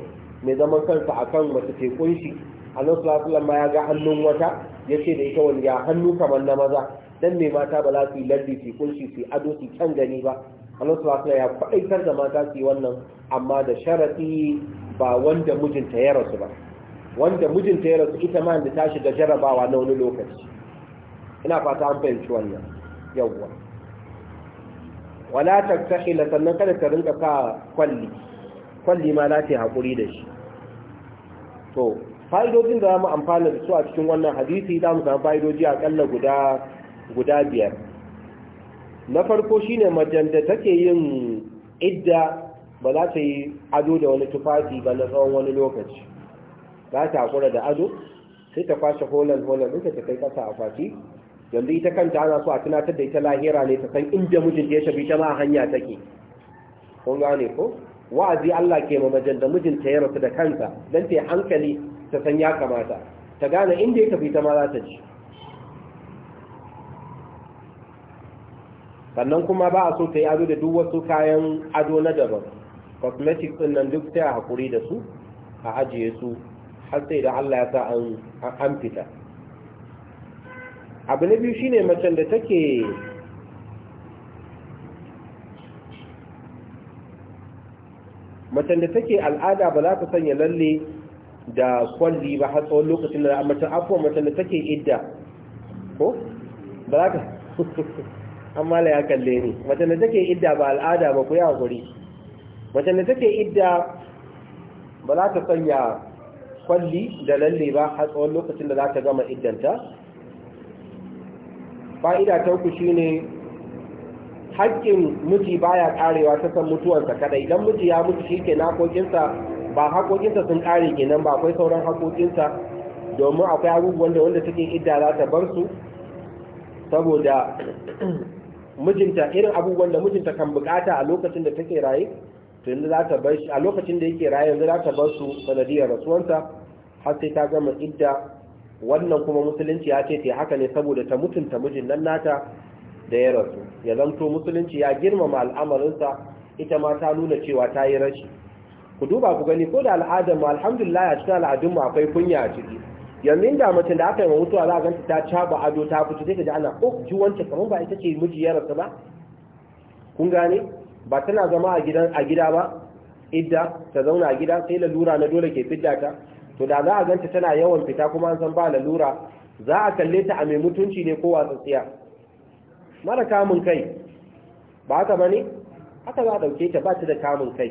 mai zaman kansa akan wata ke kunshi su lafi lamma ya ga hannun wata yace da ita wani ya hannu kamar na maza dan mai mata ba za su yi lardi su kunshi su ado su can gani ba nan su lafi ya faɗaitar da mata su yi wannan amma da sharaɗi ba wanda mijinta ya rasu ba wanda mijinta ya rasu ita ma da ta shiga jarabawa na wani lokaci ina fata an fahimci wannan yawwa wala taktahila sannan kada ka rinka ka kwalli kwalli ma za ta yi da shi to fa'idojin da za mu amfana da su a cikin wannan hadisi za mu ga fa'idoji kalla guda guda biyar na farko shine majan da take yin idda ba za ta yi ado da wani tufafi ba na tsawon wani lokaci za ta haƙura da ado sai ta kwashe holan holan ɗinka ta kai ƙasa a fashi yanzu ita kanta ana so a tunatar da ita lahira ne ta san inda mijin ya shafi ta ma hanya take kun gane ko wa'azi Allah ke ma majan da mijinta ya rasu da kansa don ta hankali ta san ya kamata ta gane inda ya tafi ta ma za ta ji sannan kuma ba a so ta yi ado da duk wasu kayan ado na daban cosmetics ɗin nan duk sai a haƙuri da su a ajiye su har sai Allah ya sa an fita abu na biyu shine macen da take macen da take al'ada ba za ta sanya lalle da kwalli ba har tsawon lokacin da macen afuwa macen da take idda ko ba za ka amma la ya kalle ne macen da take idda ba al'ada ba ku yi hakuri macen da take idda ba za ta sanya kwalli da lalle ba har tsawon lokacin da za ta gama iddanta fa'ida ta shi shine haƙƙin ba baya ƙarewa ta san mutuwarsa kada idan muti ya mutu shi ke na ba haƙoƙinsa sun ƙare kenan ba akwai sauran haƙoƙinsa domin akwai abubuwan da wanda suke idda za ta bar su saboda mijinta irin abubuwan da mijinta kan bukata a lokacin da take raye to yanzu za ta bar shi a lokacin da yake raye yanzu za ta bar su sanadiyar rasuwansa har sai ta gama idda wannan kuma musulunci ya ce ta haka ne saboda ta mutunta mijin nan nata da ya rasu ya zanto musulunci ya girmama al'amarinsa ita ma ta nuna cewa ta yi rashi ku duba ku gani ko da al'adar mu alhamdulillah a cikin al'adun mu akwai kunya a ciki yanzu inda mutum da aka yi wa mutuwa za a ganta ta caba ado ta fito sai ka ji ana ok oh, ji wancan kamar ba ita ce miji rasu ba kun gane ba tana zama a gidan gida ba idda ta zauna a gida sai lalura na dole ke fidda ta to da za a ganta tana yawan fita kuma an san ba lalura za a kalle ta a mai mutunci ne ko watsatsiya mara kamun kai ba haka bane haka za a dauke ta ba ta da kamun kai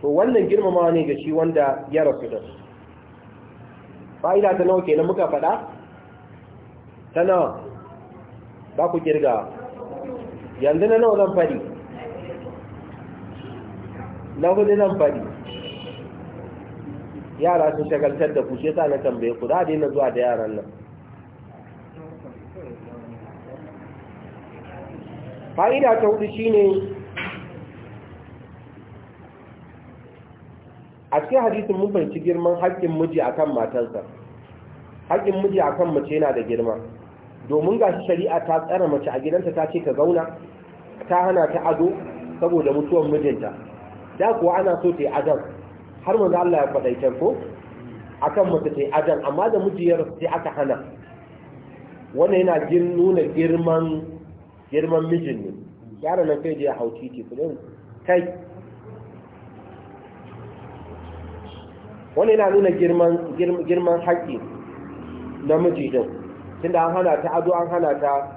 to wannan girmamawa ne ga shi wanda ya rasu da fa'ida ta nawa kenan muka faɗa ta nawa ba ku kirga yanzu na nawa zan faɗi na hudu nan fari yara sun shagaltar da kushe sa na tambaye ku a daina zuwa da yaran nan fa'ida ta hudu shine a cikin hadisin mun fahimci girman haƙƙin miji akan matansa, haƙƙin miji akan mace yana da girma domin gashi shari'a ta tsara mace a gidanta ta ce ta zauna ta hana ta ado saboda mutuwar mijinta da kuwa ana so ta yi ajan har manzo Allah ya faɗa ita ko akan mace ta yi ajan amma da mujiyar sai aka hana wannan yana gin nuna girman girman mijin ne yaron nan kai je ya hau titi ku kai wannan yana nuna girman girman haƙƙi na miji din tunda an hana ta ado an hana ta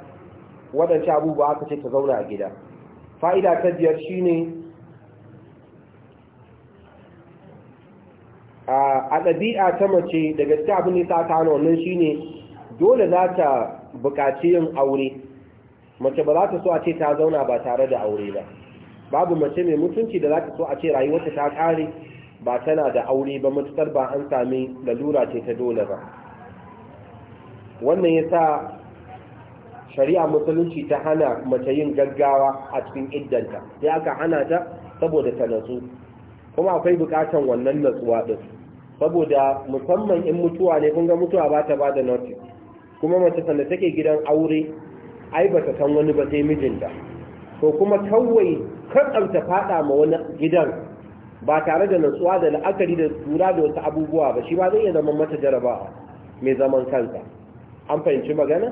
waɗancan abubuwa aka ce ta zauna a gida fa'ida ta biyar shine a ɗabi'a ta mace daga gaske abin da ta tana wannan shine dole za ta buƙaci yin aure mace ba za ta so a ce ta zauna ba tare da aure ba babu mace mai mutunci da za ta so a ce rayuwarta ta ƙare ba tana da aure ba matuƙar ba an sami lalura ce ta dole ba wannan ya sa shari'a musulunci ta hana mace yin gaggawa a cikin iddanta sai aka hana ta saboda ta natsu kuma akwai bukatan wannan natsuwa din saboda musamman in mutuwa ne kun ga mutuwa ba ta ba da notice kuma mace sanda take gidan aure ai ba ta san wani ba sai mijinta to kuma kawai katsanta fada ma wani gidan ba tare da natsuwa da la'akari da tsura da wasu abubuwa ba shi ba zai iya zama mata jarabawa mai zaman kansa an fahimci magana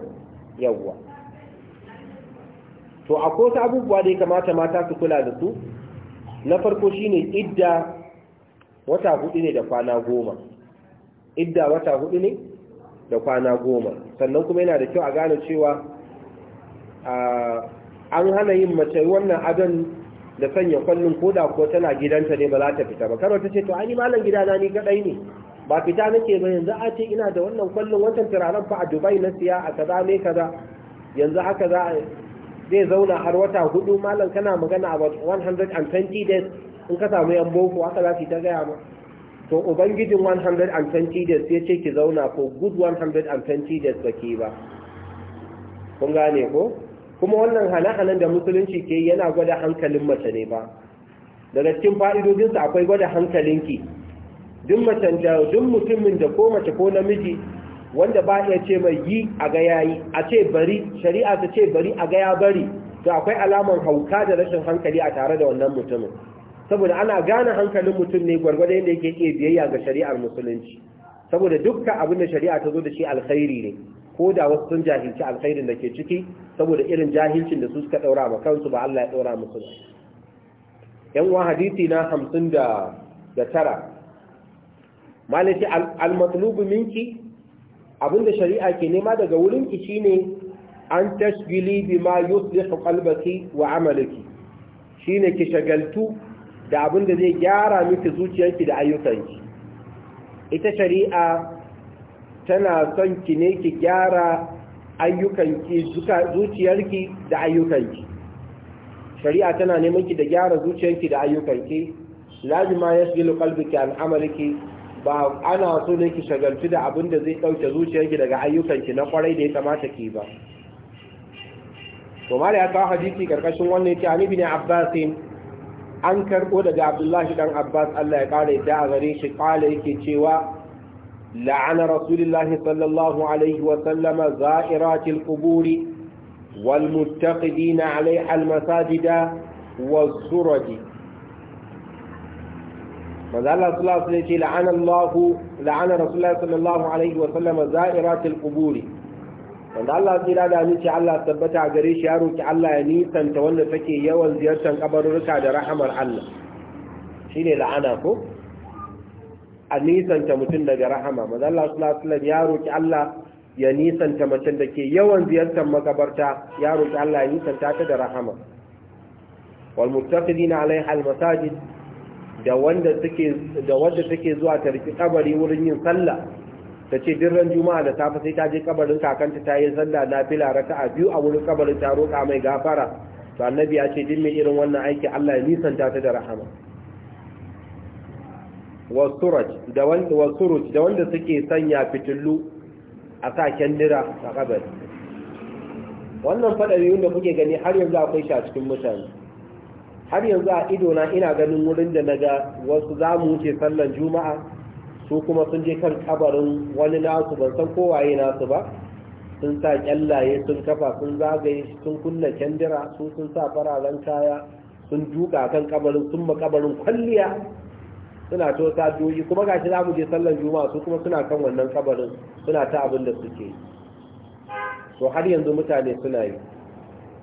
yawwa to akwai wasu abubuwa da ya kamata mata su kula da su na farko shine idda wata hudu ne da kwana goma idda wata hudu ne da kwana goma sannan kuma yana da kyau a gane cewa an hana yin mace wannan adon da sanya kwallon koda ko tana gidanta ne ba za ta fita ba karo ta ce to ani malam gidana ni kadai ne ba fita nake ba yanzu a ce ina da wannan kwallon wancan turaren fa a dubai na siya a kaza ne kaza yanzu haka za a zai zauna har wata hudu malam kana magana about 120 days in ka samu yan boko haka za su ta gaya ba? to ubangijin 120 days ya ce ki zauna ko good 120 days ba ke ba kun gane ko kuma wannan hana-hanan da musulunci ke yana gwada hankalin mace ne ba daga cikin fa'idodinsa akwai gwada hankalinki duk macen da duk mutumin da ko mace ko namiji wanda ba iya ce mai yi a ga yayi a ce bari shari'a ta ce bari a ga ya bari to akwai alaman hauka da rashin hankali a tare da wannan mutumin saboda ana gane hankalin mutum ne gwargwadon yadda yake iya biyayya ga shari'ar musulunci saboda dukkan abin da shari'a ta zo da shi alkhairi ne ko da wasu sun jahilci alkhairin da ke ciki saboda irin jahilcin da su suka daura ma kansu ba Allah ya daura musu ba yan uwa hadisi na 59 da tara malaki al matlub minki abinda shari'a ke nema daga wurin ki shine an tashgili bima yuslihu qalbaki wa amalaki shine ki shagaltu da abin da zai gyara miki zuciyarki da ayyukanki ita shari'a tana son ki ne ki gyara ayyukanki zuciyarki da ayyukanki shari'a tana neman ki da gyara zuciyarki da ayyukanki lazima yashghilu kalbiki an amaliki ba ana so ne ki shagaltu da abin da zai dauke zuciyarki daga ayyukanki na kwarai da ya kamata ki ba to mala ya kawo hadisi karkashin wannan ya ce ani bin abbasin an karɓo daga abdullahi Ɗan abbas allah ya ƙara ita a gare shi ƙala yake cewa la'ana rasulullahi sallallahu alaihi wa sallama za'iratil quburi wal muttaqidina alaiha al masajida was suraji manzo Allah sallallahu alaihi wa sallam la'ana Allah la'ana rasulullahi sallallahu alaihi wa za'iratil quburi wanda Allah tsira da ni ce Allah tabbata a gare shi ya roki Allah ya nisanta wanda take yawan ziyartar kabarurruka da rahamar Allah Shi ne la'ana ko a nisanta mutum daga rahama maza Allah sallallahu alaihi ya roki Allah ya nisanta mutum da ke yawan ziyartar makabarta ya roki Allah ya nisanta ta da rahama wal muttaqidina alaiha al masajid da wanda take da wanda take zuwa tarki kabari wurin yin sallah ta ce dirran juma'a da safe sai ta je kabarin kakanta ta yi na fila raka. A biyu a wurin kabarin ta roƙa mai gafara to annabi ya ce din mai irin wannan aiki Allah ya nisanta ta da rahama wasuraj da wanda wasuruj da wanda suke sanya fitillu a sa kendira a kabari wannan fadariyun da kuke gani har yanzu akwai shi a cikin mutane har yanzu a ido na ina ganin wurin da naga wasu zamu wuce sallan juma'a su kuma sun je kan kabarin wani nasu ban san kowaye nasu ba sun sa kyallaye sun kafa sun zagaye sun kunna kyandira su sun sa fararen kaya sun duka kan kabarin sun ma kabarin kwalliya suna to sadoji kuma gashi za mu je sallan juma'a su kuma suna kan wannan kabarin suna ta abin da suke to har yanzu mutane suna yi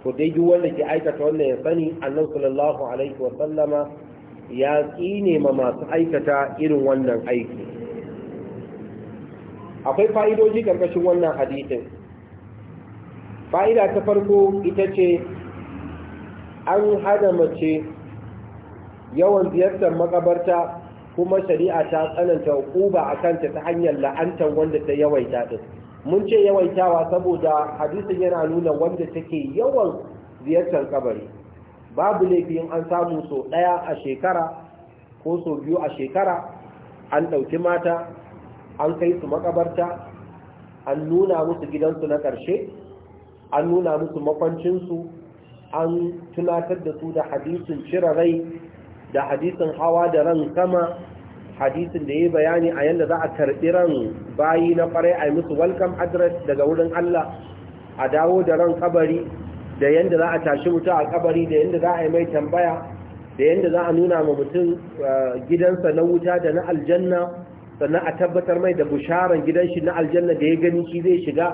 to dai duk wanda ke aikata wannan ya sani annabi sallallahu alaihi wa sallama ya ne ma masu aikata irin wannan aiki akwai fa'idoji ƙarƙashin wannan hadithin fa'ida ta farko ita ce an hada mace yawan ziyartar makabarta kuma shari'a ta tsananta uba a kanta ta hanyar la'antar wanda ta yawaita ɗin mun ce yawaitawa saboda hadisin yana nuna wanda take yawan ziyartar kabari babu laifin an samu so ɗaya a shekara ko so biyu a shekara an ɗauki mata an kai su makabarta an nuna musu gidansu na ƙarshe an nuna musu makwancinsu an tunatar da su da hadisin cire rai da hadisin hawa da ran sama hadisin da ya bayani a yadda za a karɓi ran bayi na ƙwarai a yi musu welcome address daga wurin Allah a dawo da ran kabari da yadda za a tashi mutum a kabari da yadda za a yi mai tambaya da yadda za a nuna ma mutum eh, gidansa na wuta da na aljanna sannan a tabbatar mai da busharan gidan shi na aljanna da ya gani shi zai shiga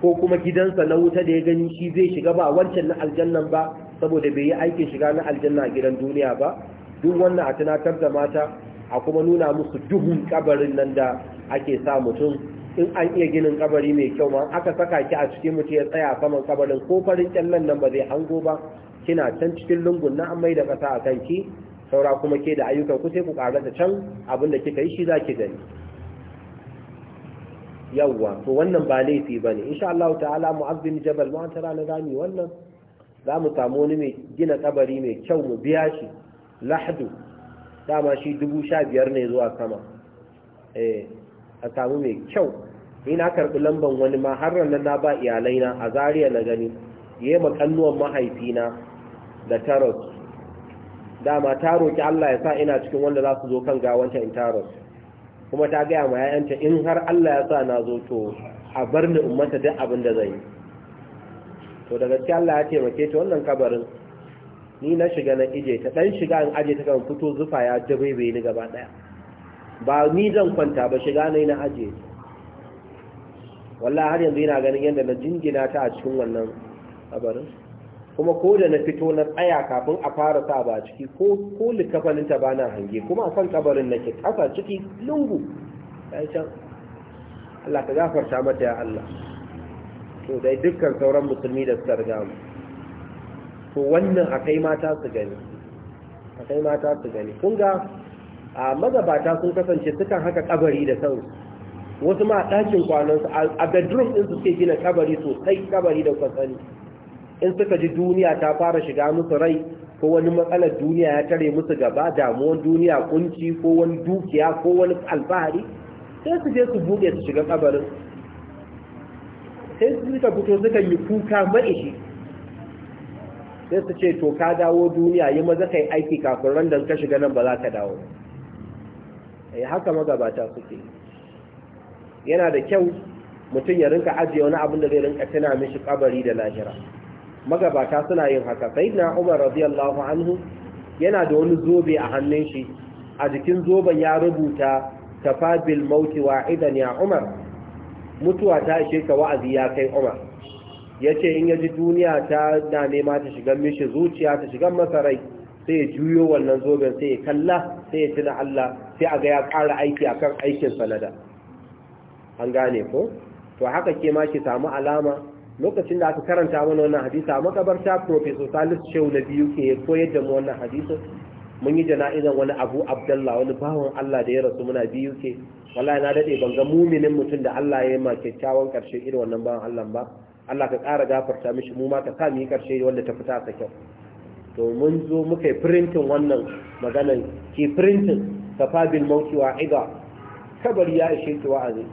ko kuma gidansa na wuta da ya gani shi zai shiga ba wancan na aljannan ba saboda bai yi aikin shiga na aljanna a gidan duniya ba duk wannan a tunatar da mata a kuma nuna musu duhun kabarin nan da ake sa mutum in an iya ginin kabari mai kyau ma aka saka ki a cikin mutu ya tsaya saman kabarin ko farin kyallen nan ba zai hango ba kina can cikin lungun na amai da kasa a kanki saura kuma ke da ayyukan ku sai ku ƙara da can abin da kika yi shi za ki gani yawwa to wannan ba laifi ba ne insha Allah ta'ala mu'azzim jabal ma tara na gani wannan za mu samu wani mai gina kabari mai kyau mu biya shi lahdu dama shi dubu sha biyar ne zuwa sama eh a samu mai kyau ina karɓi lamban wani ma har ranar na ba iyalaina a zariya na gani ya yi makannuwan mahaifina da tarot dama ta roƙi Allah ya sa ina cikin wanda za su zo kan gawanta in tarot kuma ta gaya ma ya'yanta in har Allah ya sa na zo to a bar ni ummata duk abin da zai yi to daga gaske Allah ya taimake ta wannan kabarin ni na shiga na ije ta dan shiga in aje ta kan fito zufa ya dabaibe ni gaba daya ba ni zan kwanta ba shiga yi na ajiye wallah har yanzu yana ganin yadda na jingina ta a cikin wannan kabarin kuma ko da na fito na tsaya kafin a fara sa ba ciki ko ko likafanin ta bana hange kuma a kan kabarin nake kasa ciki lungu ya can Allah ka gafarta mata ya Allah to dai dukkan sauran musulmi da suka riga mu to wannan akai mata su gani akai mata su gani kun ga a magabata sun kasance sukan haka kabari da sauri wasu ma ɗakin kwanansu a bedroom ɗin suke gina kabari sosai kabari da kwasani in suka ji duniya ta fara shiga musu rai ko wani matsalar duniya ya tare musu gaba damuwan duniya kunci ko wani dukiya ko wani alfahari sai su je su buɗe su shiga kabarin sai su suka fito suka yi kuka ma'ishi sai su ce to ka dawo duniya yi maza kai aiki kafin randan ka shiga nan ba za ka dawo ba ya eh, haka magabata suke yana da kyau mutum ya rinka ajiye wani abin da zai rinka tuna mishi kabari da lahira magabata suna yin haka sai na umar radiyallahu anhu yana da wani zobe a hannun shi a jikin zoben ya rubuta tafabil mauti wa idan ya umar mutuwa ta ishe ka wa'azi ya kai umar ya ce in yaji duniya ta na nema ta shiga mishi zuciya ta shiga masarai. sai ya juyo wannan zoben sai ya kalla sai ya tuna Allah sai a ga ya ƙara aiki akan aikin sanada an gane ko to haka ke ma ki samu alama lokacin da aka karanta mana wannan hadisi a makabarta professor Salisu Shehu na biyu ke koyar da mu wannan hadisi mun yi jana'izan wani Abu Abdullah wani bawan Allah da ya rasu muna biyu ke wallahi na dade ban ga muminin mutum da Allah ya yi ma kyakkyawan karshe irin wannan bawan Allah ba Allah ka ƙara gafarta mishi mu ma ka sa mu yi karshe wanda ta fita ta kyau to mun zo muka yi printin wannan maganan ki printin safabil mauti iga kabari ya ishe ki wa'azi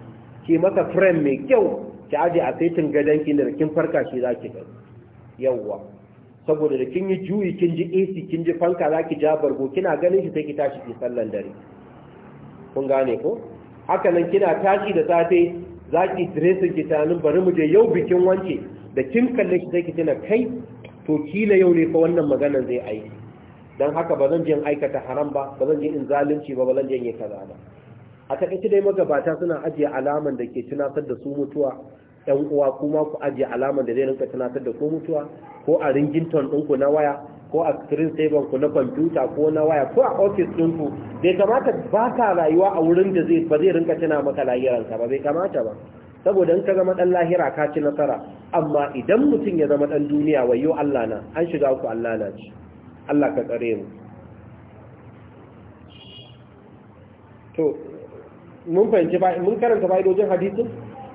ki maka frame mai kyau ki aje a saitin gadon ki da kin farka shi zaki ga yawwa saboda da kin yi juyi kin ji AC kin ji fanka zaki ja bargo kina ganin shi sai ki tashi ki sallan dare kun gane ko haka nan kina tashi da safe zaki dressing ki tunanin, bari mu je yau bikin wanke da kin kalle shi sai ki tuna kai to kila yau ne fa wannan maganar zai aiki don haka ba zan je aikata haram ba ba zan je in zalunci ba ba zan je in kaza ba a takaice dai magabata suna ajiye alaman da ke tunatar da su mutuwa yan uwa kuma ku ajiye alaman da zai rinka tunatar da ku mutuwa ko a ringington ɗinku na waya ko a screen saver ku na kwamfuta ko na waya ko a office ɗinku bai kamata ba ka rayuwa a wurin da zai ba zai rinka tuna maka lahiranka ba bai kamata ba saboda in ka zama dan lahira ka ci nasara amma idan mutum ya zama dan duniya wayo Allah na an shiga ku Allah na ci Allah ka tsare mu to mun fahimci mun karanta fa'idojin hadisin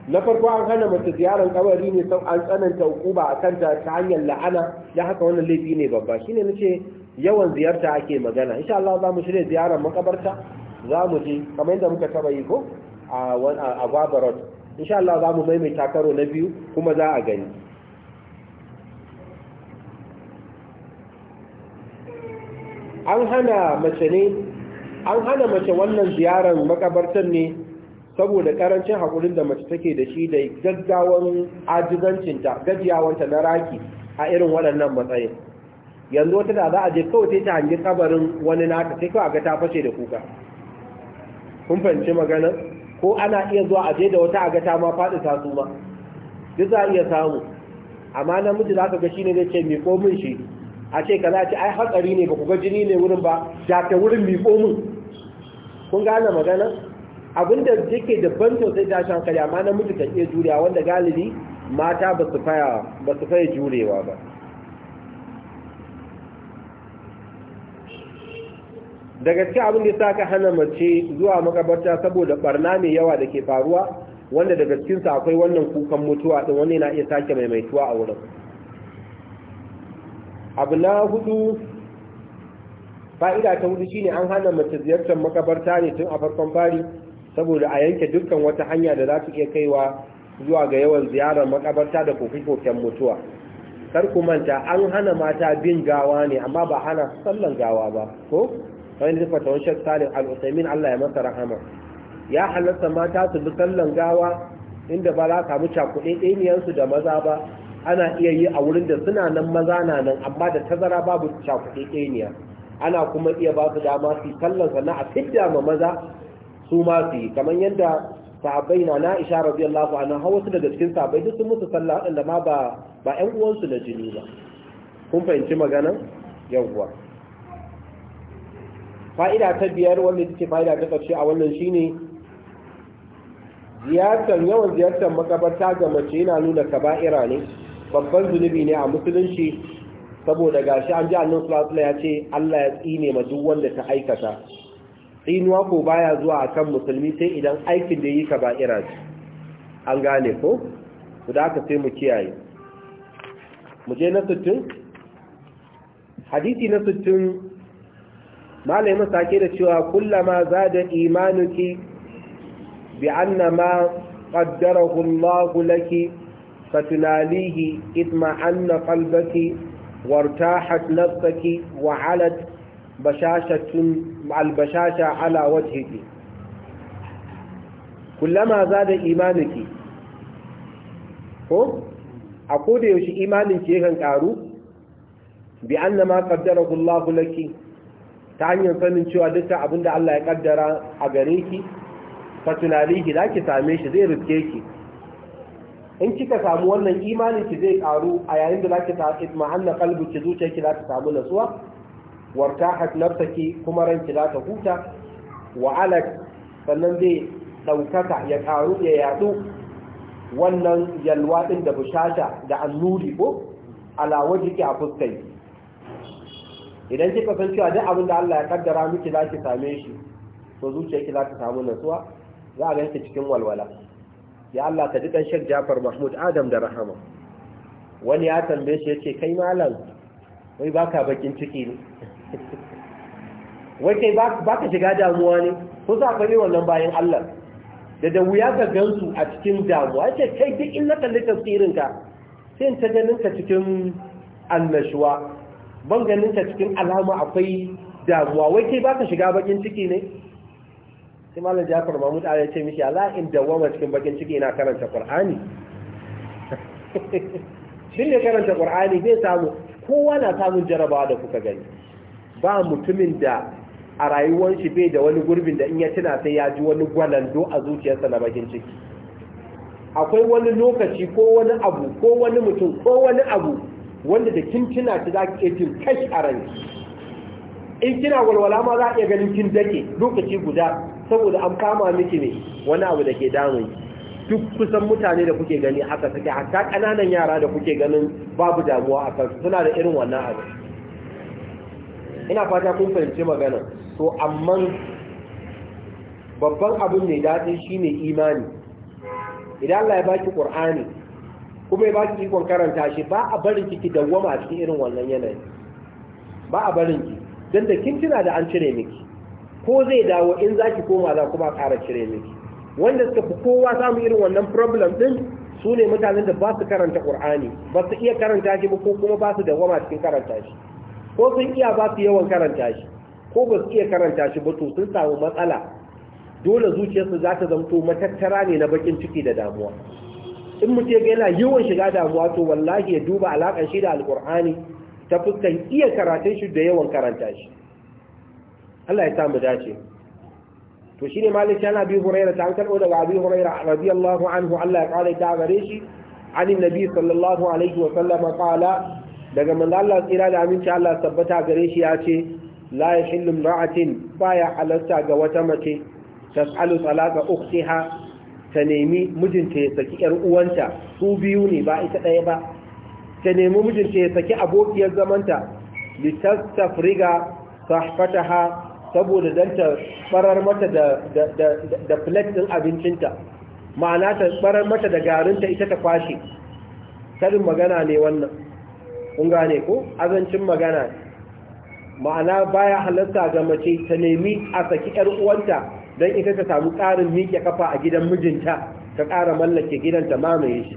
na farko an hana mace ziyarar kabari ne sau an tsananta hukuma a kanta ta hanyar la'ana ya haka wannan laifi ne babba shine nace yawan ziyarta ake magana insha Allah za mu shirya ziyarar makabarta za mu je kamar yadda muka taba yi ko a a Gwabarot insha Allah za mu maimaita karo na biyu kuma za a gani an hana mace ne an hana mace wannan ziyarar makabartar ne saboda karancin haƙurin da mace take da shi da gaggawan ajizancinta gajiyawanta na raki a irin waɗannan matsayin yanzu wata da za a je kawai ta hangi kabarin wani nata sai kawai a ga ta fashe da kuka kun fahimci maganar ko ana iya zuwa a je da wata agata ma faɗi ta su ma duk za iya samu amma namiji za ka ga shine zai ce ko min shi a ce kaza ce ai hatsari ne ba ku ga jini ne wurin ba da ta wurin ko min kun gane magana abinda yake da ban sosai da shan kare amma namiji kan iya juriya wanda galibi mata ba su faya jurewa ba da gaske abin da ya saka hana mace zuwa makabarta saboda barna mai yawa da ke faruwa wanda daga cikinsa akwai wannan kukan mutuwa din wani na iya sake maimaituwa a wurin abu na hudu fa'ida ta hudu shine an hana mace ziyartar makabarta ne tun a farkon fari saboda a yanke dukkan wata hanya da za su iya kaiwa zuwa ga yawan ziyarar makabarta da kofi mutuwa kar ku manta an hana mata bin gawa ne amma ba hana sallan gawa ba ko kamar da ta shek salih al-usaimin allah ya masa rahama ya halatta mata su bi sallan gawa inda ba za ka mu cakuɗe ɗaniyarsu da maza ba ana iya yi a wurin da suna nan maza na nan amma da tazara babu cakuɗe ɗaniya ana kuma iya ba su dama su sallan sannan a fidda ma maza su ma su yi kamar yadda sahabbai na na isha radiyallahu anha hawa wasu daga cikin sahabbai duk sun musu sallah waɗanda ma ba ba ƴan uwansu na jini ba kun fahimci magana yawwa fa'ida ta biyar wanda ce fa'ida ta ƙarshe a wannan shi ne. ziyartar yawan ziyartar makabarta ga mace yana nuna kaba'ira ne babban zunubi ne a musulunci saboda gashi an ji annabi sulatula ya ce Allah ya tsine ma duk wanda ta aikata tsinuwa ko baya zuwa a kan musulmi sai idan aikin da yi kaba'ira ce an gane ko ku da aka sai mu kiyaye mu je na sittin. hadisi na sittin. malamin sake da cewa kullama zada imanuki bi annama ma qaddarahu Allah laki fatunalihi itma anna qalbaki wartahat nafsaki wa alat bashashatun albashasha ala wajhiki kullama zada imanuki ko a koda yaushe imanin ke kan karu bi annama ma qaddarahu Allah laki ta hanyar sanin cewa duka abin da Allah ya kaddara a gare ki fa tunalihi da ki same shi zai riske ki in kika samu wannan imanin ki zai karu a yayin da zaki ta itma'anna qalbuki zuciyarki za ta samu nasuwa wartahat nafsaki kuma ranki za ta huta wa alak sannan zai daukaka ya karu ya yadu wannan yalwa din da bushasha da annuri ko ala wajiki a fuskai idan kika san cewa duk abin da Allah ya kaddara miki za ki same shi to zuciyarki za ta samu nutsuwa, za a ganki cikin walwala ya Allah ka dukan Sheikh Jafar Mahmud Adam da Rahama wani ya tambaye shi yace kai malam wai baka bakin ciki ne wai kai baka shiga damuwa ne ko za ka yi wannan bayan Allah da da wuya ka gansu a cikin damuwa yace kai duk in na kalli tafsirin ka sai ta ganin ka cikin annashuwa ban ganin ta cikin alama akwai damuwa wai kai baka shiga bakin ciki ne sai malam Jafar Mahmud Ali ya ce mishi ala in dawama cikin bakin ciki ina karanta Qur'ani shin ne karanta Qur'ani zai samu kowa na samun jarabawa da kuka gani ba mutumin da a rayuwar shi bai da wani gurbin da in ya tuna sai ya ji wani gwalando a zuciyarsa na bakin ciki akwai wani lokaci ko wani abu ko wani mutum ko wani abu wanda da kin tuna ta za ki iya jin kai a ranki in kina walwala ma za a iya ganin kin dake lokaci guda saboda an kama miki ne wani abu da ke damun duk kusan mutane da kuke gani haka take hatta kananan yara da kuke ganin babu damuwa a kansu suna da irin wannan abu ina fata kun fahimci magana to amma babban abin ne daɗin shine imani idan Allah ya baki Qur'ani kuma ba baki ikon karanta shi ba a barin kiki dawwama a cikin irin wannan yanayi ba a barin ki don da kin tuna da an cire miki ko zai dawo in za ki koma za kuma ƙara cire miki wanda suka fi kowa samu irin wannan problem din su ne mutanen da ba su karanta ƙur'ani ba su iya karanta shi ba ko kuma ba su dawama cikin karanta shi ko sun iya ba su yawan karanta shi ko ba su iya karanta shi ba to sun samu matsala dole zuciyarsu za ta zamto matattara ne na bakin ciki da damuwa in mutum ya ga yana yawan shiga damuwa to wallahi ya duba alaƙar shi da alƙur'ani ta fuskan iya karatun shi da yawan karanta shi Allah ya samu dace to shine malik yana bi hurairah ta an karbo daga abi hurairah radiyallahu anhu Allah ya ƙara ita gare shi ani nabi sallallahu alaihi wa sallam qala daga manzo Allah tsira da aminci Allah tabbata gare shi ya ce la yahillu imra'atin baya halatta ga wata mace tas'alu talaqa ukhtiha ta nemi mijinta ya saki ‘yar uwanta su biyu ne ba ita ɗaya ba ta nemi mijinta ya saki abokiyar zamanta litastafriga Fataha saboda don ta barar mata da plate ɗin abincinta ma'ana ta barar mata da garinta ita ta kwashe karin magana ne wannan kun gane ko azancin magana ma'ana baya halarta ga mace ta nemi a saki ‘yar uwanta don ita ta samu ƙarin miƙe kafa a gidan mijinta ta ƙara mallake gidan ta mamaye shi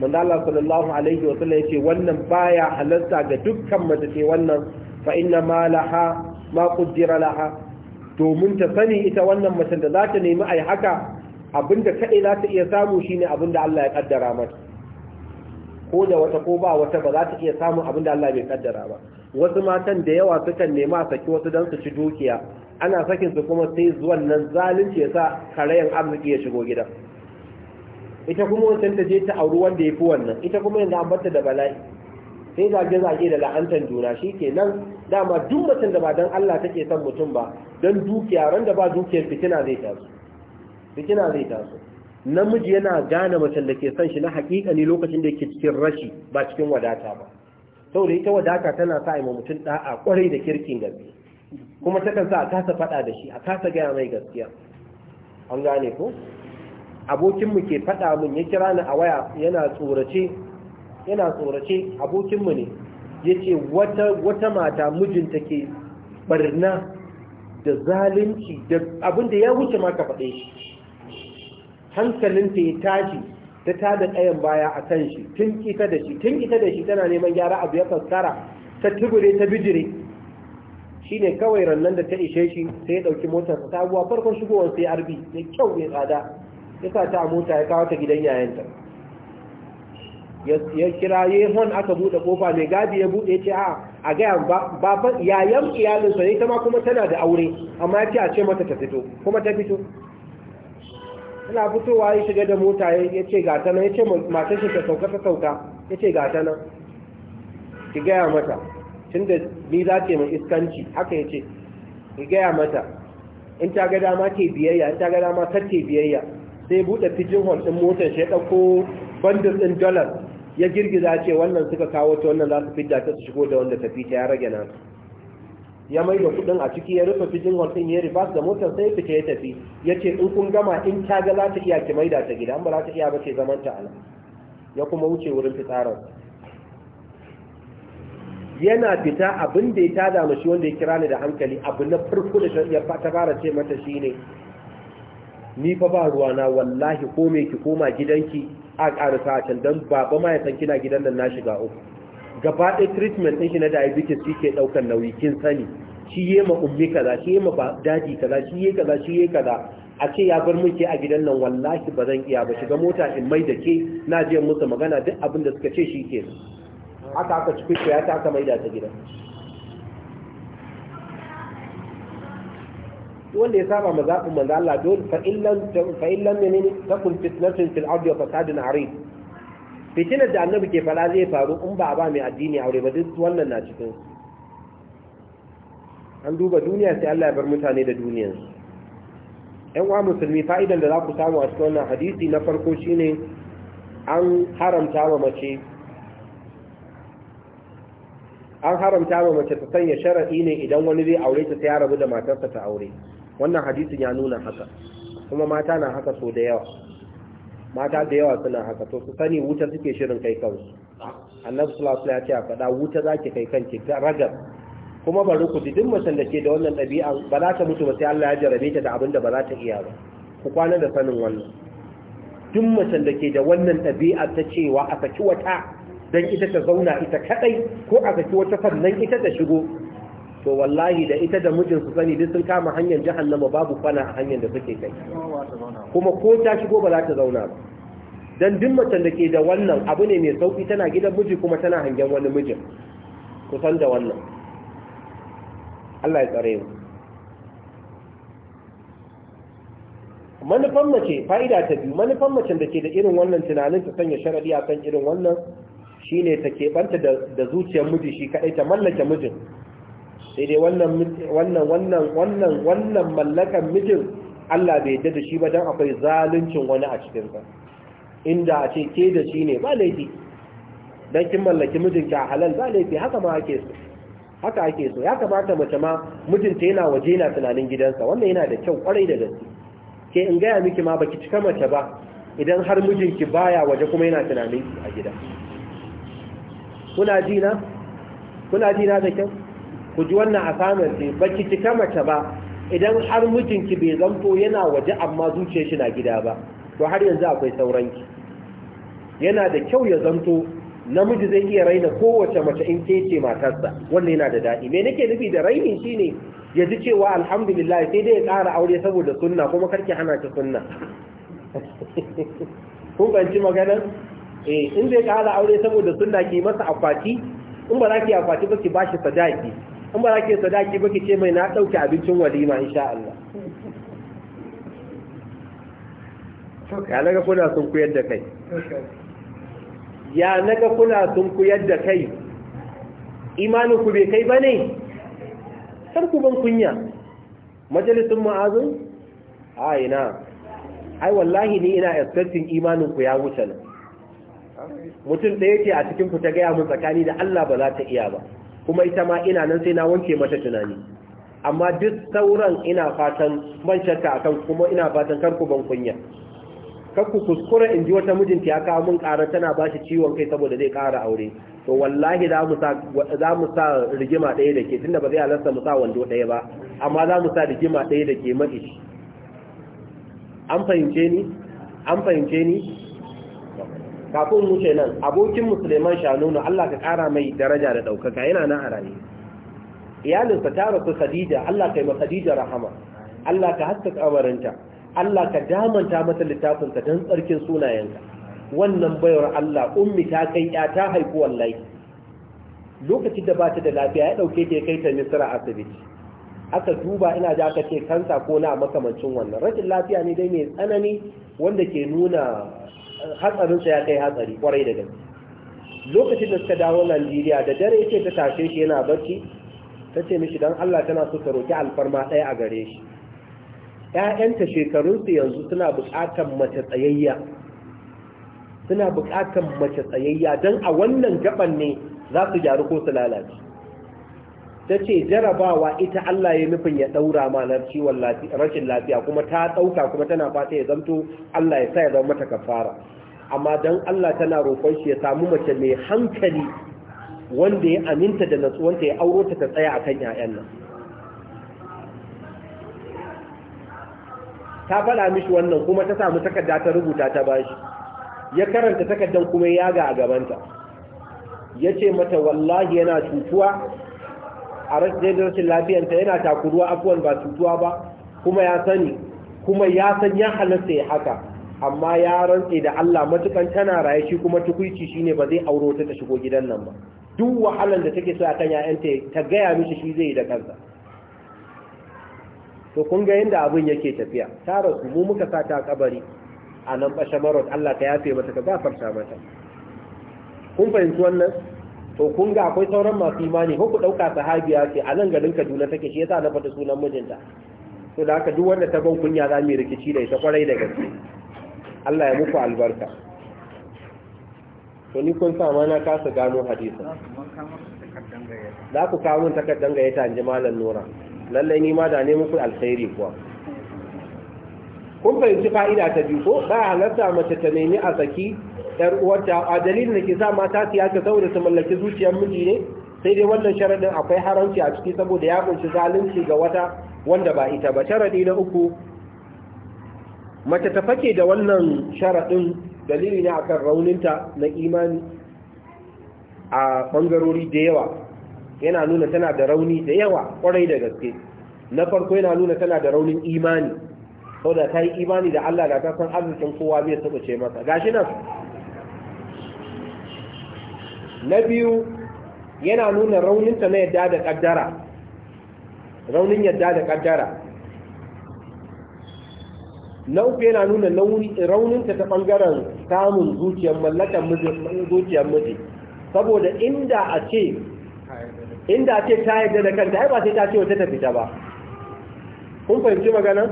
manzo Allah sallallahu alaihi wa sallam yace wannan baya halarta ga dukkan mace ce wannan fa inna ma laha ma qaddira laha domin ta sani ita wannan mace da za ta nemi ai haka abinda kai za ta iya samu shine abinda Allah ya kaddara mata ko da wata ko ba wata ba za ta iya samu abinda Allah bai kaddara ba wasu matan da yawa sukan nema a saki wasu don su ci dukiya ana sakin su kuma sai zuwan nan zalunci ya sa karayan arziki ya shigo gida ita kuma wancan ta je ta auri wanda ya fi wannan ita kuma yanzu an batta da bala'i sai zage zage da la'antar juna shi ke nan dama duk mutum da ba don Allah take son mutum ba don dukiya ran da ba dukiyar fitina zai taso namiji yana gane macen da ke son shi na hakika ne lokacin da yake cikin rashi ba cikin wadata ba saboda ita wadata tana sa ma mutum da'a kwarai da kirkin gaske kuma takan sa a kasa faɗa da shi a kasa gaya mai gaskiya an gane ko abokinmu ke faɗa min ya kira ni a waya yana tsorace yana tsorace abokinmu ne ya ce wata mata mijinta ke barna da zalunci da abinda ya wuce maka faɗe shi hankalinta ya tashi ta tada ƙayan baya a kan shi tun kika da shi tun kika da shi tana neman gyara abu ya fassara ta tubure ta bijire shi ne kawai rannan da ta ishe shi sai ya ɗauki motar ta abuwa farkon shigowar sai arbi mai kyau mai tsada ya sa ta a mota ya kawo ta gidan yayanta ya kira ya hon aka buɗe kofa mai gadi ya buɗe ce a a gaya ba yayan iyalinsa ne ta ma kuma tana da aure amma ya ce a ce mata ta fito kuma ta fito suna fitowa ya shiga da mota ya ce ga nan ya ce matar shi ta sauka ta sauka ya ce ga nan ki gaya mata tun da ni za ce mai iskanci haka ya ce ki gaya mata in ta ga dama ke biyayya in ta ga dama ta ke biyayya sai buɗe fijin hon ɗin motar shi ya ɗauko bandis ɗin dolar ya girgiza ce wannan suka kawo ta wannan za su fidda ta su shigo da wanda ta fita ya rage nasu ya mai da kudin a ciki ya rufe fijin hall ya ribas da motar sai fita ya tafi ya ce in kun gama in ta ga za ta iya ki maida ta gida ba za ta iya ba ce zaman ta ala ya kuma wuce wurin fitarar yana fita abin da ya tada mashi wanda ya kira ni da hankali abu na farko da ya ta fara ce mata shine ni fa ba ruwa na wallahi ko me ki koma gidanki a karasa can dan baba ma ya san kina gidan nan na shiga uku gaba ɗaya treatment ɗin shi na diabetes shi ke ɗaukar nauyi kin sani shi ya ma ummi kaza shi ya ma daji kaza shi ya kaza shi ya kaza a ce ya bar mun ke a gidan nan wallahi ba zan iya ba shiga mota in mai da ke na je musu magana duk abin da suka ce shi ke haka aka ci kuka ya ta aka mai da ta gidan wanda ya saba ma zaɓin manzo Allah dole fa illan fa illan ta kun fitnatin fil ardi wa fasadun arid fitinar da annabi ke fara zai faru in ba a ba mai addini aure ba duk wannan na cikin an duba duniya sai Allah ya bar mutane da duniyar yan wa musulmi fa'idan da za ku samu a cikin wannan hadisi na farko shine an haramta wa mace an haramta wa mace ta sanya shara'i ne idan wani zai aure ta ya rabu da matarsa ta aure wannan hadisin ya nuna haka kuma mata na haka so da yawa mata da yawa suna haka to su sani wuta suke shirin kai kansu annabi sallallahu alaihi wasallam ya ce a faɗa wuta zaki kai kanki ragab kuma bari ku duk mutan da ke da wannan dabi'a ba za ta mutu ba sai Allah ya jarabe ta da abin da ba za ta iya ba ku kwana da sanin wannan duk mutan da ke da wannan dabi'a ta cewa a saki wata dan ita ta zauna ita kadai ko a saki wata sannan ita ta shigo to wallahi da ita da mijin su sani duk sun kama hanyar jahannama babu kwana a hanyar da suke kai kuma ko ta shigo ba za ta zauna ba dan duk macen da ke da wannan abu ne mai sauki tana gidan miji kuma tana hangen wani mijin kusan da wannan Allah ya tsare mu manufan mace fa'ida ta biyu manufan macen da ke da irin wannan tunanin ta sanya sharadi akan irin wannan shine ta keɓanta da zuciyar miji shi kaɗai ta mallake mijin sai dai wannan wannan wannan wannan mallakan mijin Allah bai yadda da shi ba dan akwai zaluncin wani a cikin sa inda a ce ke da shi ne ba laifi dan kin mallaki mijinki a halal ba laifi haka ma ake so haka ake so ya kamata mace ma mijinta yana waje yana tunanin gidansa wannan yana da kyau kwarai da gaske ke in gaya miki ma baki cika mace ba idan har mijinki baya waje kuma yana tunanin a gida kuna jina kuna jina da kyau ku ji wannan asamar ce ba ki cika mace ba idan har mijinki bai zanto yana waje amma zuciyar shi na gida ba to har yanzu akwai sauranki yana da kyau ya zanto namiji zai iya raina kowace mace in ke ce matarsa wannan yana da daɗi me nake nufi da raini shine ya ji cewa alhamdulillah sai dai ya ƙara aure saboda sunna kuma karki hana ki sunna kun fahimci maganar eh in zai ƙara aure saboda sunna ki masa akwati in ba za ki akwati ba ki bashi sadaki in ba ke sadaki ba ki ce mai na ɗauke abincin walima insha Allah ya naga kuna sun kuyar da kai ya naga kuna sun kuyar da kai imanin ku bai kai ba ne kar ku ban kunya majalisun ma'azin a ina ai wallahi ni ina expecting imanin ku ya wuce nan mutum ɗaya ce a cikin ku ta gaya mun tsakani da Allah ba za ta iya ba kuma ita ma ina nan sai na wanke mata tunani amma duk sauran ina fatan man shakka akan kuma ina fatan karku ban kunya karku kuskura in ji wata mijinta ya kawo min ƙara tana ba shi ciwon kai saboda zai ƙara aure to wallahi za mu sa rigima ɗaya da ke tunda ba zai halarta mu sa wando ɗaya ba amma za mu sa rigima ɗaya da ke an fahimce ni an fahimce ni kafin wuce nan abokin musulman shanunu Allah ka kara mai daraja da daukaka yana nan a raye iyalinsa ta rasu khadija Allah ka yi ma khadija rahama Allah ka haska kabarinta Allah ka damanta mata littafinka don tsarkin sunayenka wannan bayar Allah ummi ta kai ya ta haifi wallahi lokacin da ba ta da lafiya ya dauke ta kai ta misra asibiti aka duba ina da aka ce kansa ko na makamancin wannan rashin lafiya ne dai mai tsanani wanda ke nuna hatsarinsa ya kai hatsari kwarai da gaske lokacin da suka dawo Najeriya da dare ce ta tashe shi yana bacci ta ce mishi dan Allah tana so ta roki alfarma ɗaya a gare shi ƴaƴanta shekarunsu yanzu suna buƙatar mace tsayayya suna buƙatar mace tsayayya don a wannan gaban ne za su gyaru ko su lalace ta ce jarabawa ita Allah ya nufin ya ɗaura manar ciwon rashin lafiya kuma ta ɗauka kuma tana fata ya zanto Allah ya sa ya zama mata kafara amma don Allah tana roƙon shi ya samu mace mai hankali wanda ya aminta da natsuwanta ya auro ta ta tsaya kan 'ya'yan nan ta faɗa mishi wannan kuma ta samu takarda ta rubuta ta bashi ya karanta takardan kuma ya ga a gabanta ya ce mata wallahi yana cutuwa a rashin lafiyanta yana takuruwa abuwan ba tutuwa ba kuma ya sani kuma ya san ya halarta ya haka amma ya rantse da Allah matukan tana raye shi kuma tukuici shine ba zai auro ta ta shigo gidan nan ba duk wahalar da take so a kan 'ya'yanta ta gaya mishi shi zai yi da kansa to kun ga yadda abin yake tafiya ta rasu mu muka sa ta kabari a nan bashamarot Allah ta yafe mata ka gafarta mata kun fahimci wannan to kun ga akwai sauran masu imani ko ku ɗauka sahabiya ce a nan garin kaduna take shi yasa na fata sunan mijinta to da haka duk wanda ta ban kunya za mu rikici da ita kwarai da gaske Allah ya muku albarka to ni kun sa na kasa gano hadisi za ku kawo min takardar ga in ji malam nura lallai ni ma da ne muku alkhairi kuwa kun fahimci fa'ida ta biyu ko ba halatta mace ta nemi a saki yar uwarta a dalilin da ke sa mata su yaka saboda su mallaki zuciyar miji ne sai dai wannan sharaɗin akwai haramci a ciki saboda ya kunshi zalunci ga wata wanda ba ita ba sharadi na uku mace ta fake da wannan sharadin dalili ne akan rauninta na imani a bangarori da yawa yana nuna tana da rauni da yawa kwarai da gaske na farko yana nuna tana da raunin imani saboda ta yi imani da Allah da ta san arzikin kowa zai ce masa gashi nan na biyu yana nuna rauninta na yadda da kaddara raunin yadda da kaddara na uku yana nuna rauninta ta bangaren samun zuciyar mallakar zuciyar miji saboda inda a ce inda ce ta yadda da kanta ai ba sai ta ce wata ta fita ba kun fahimci magana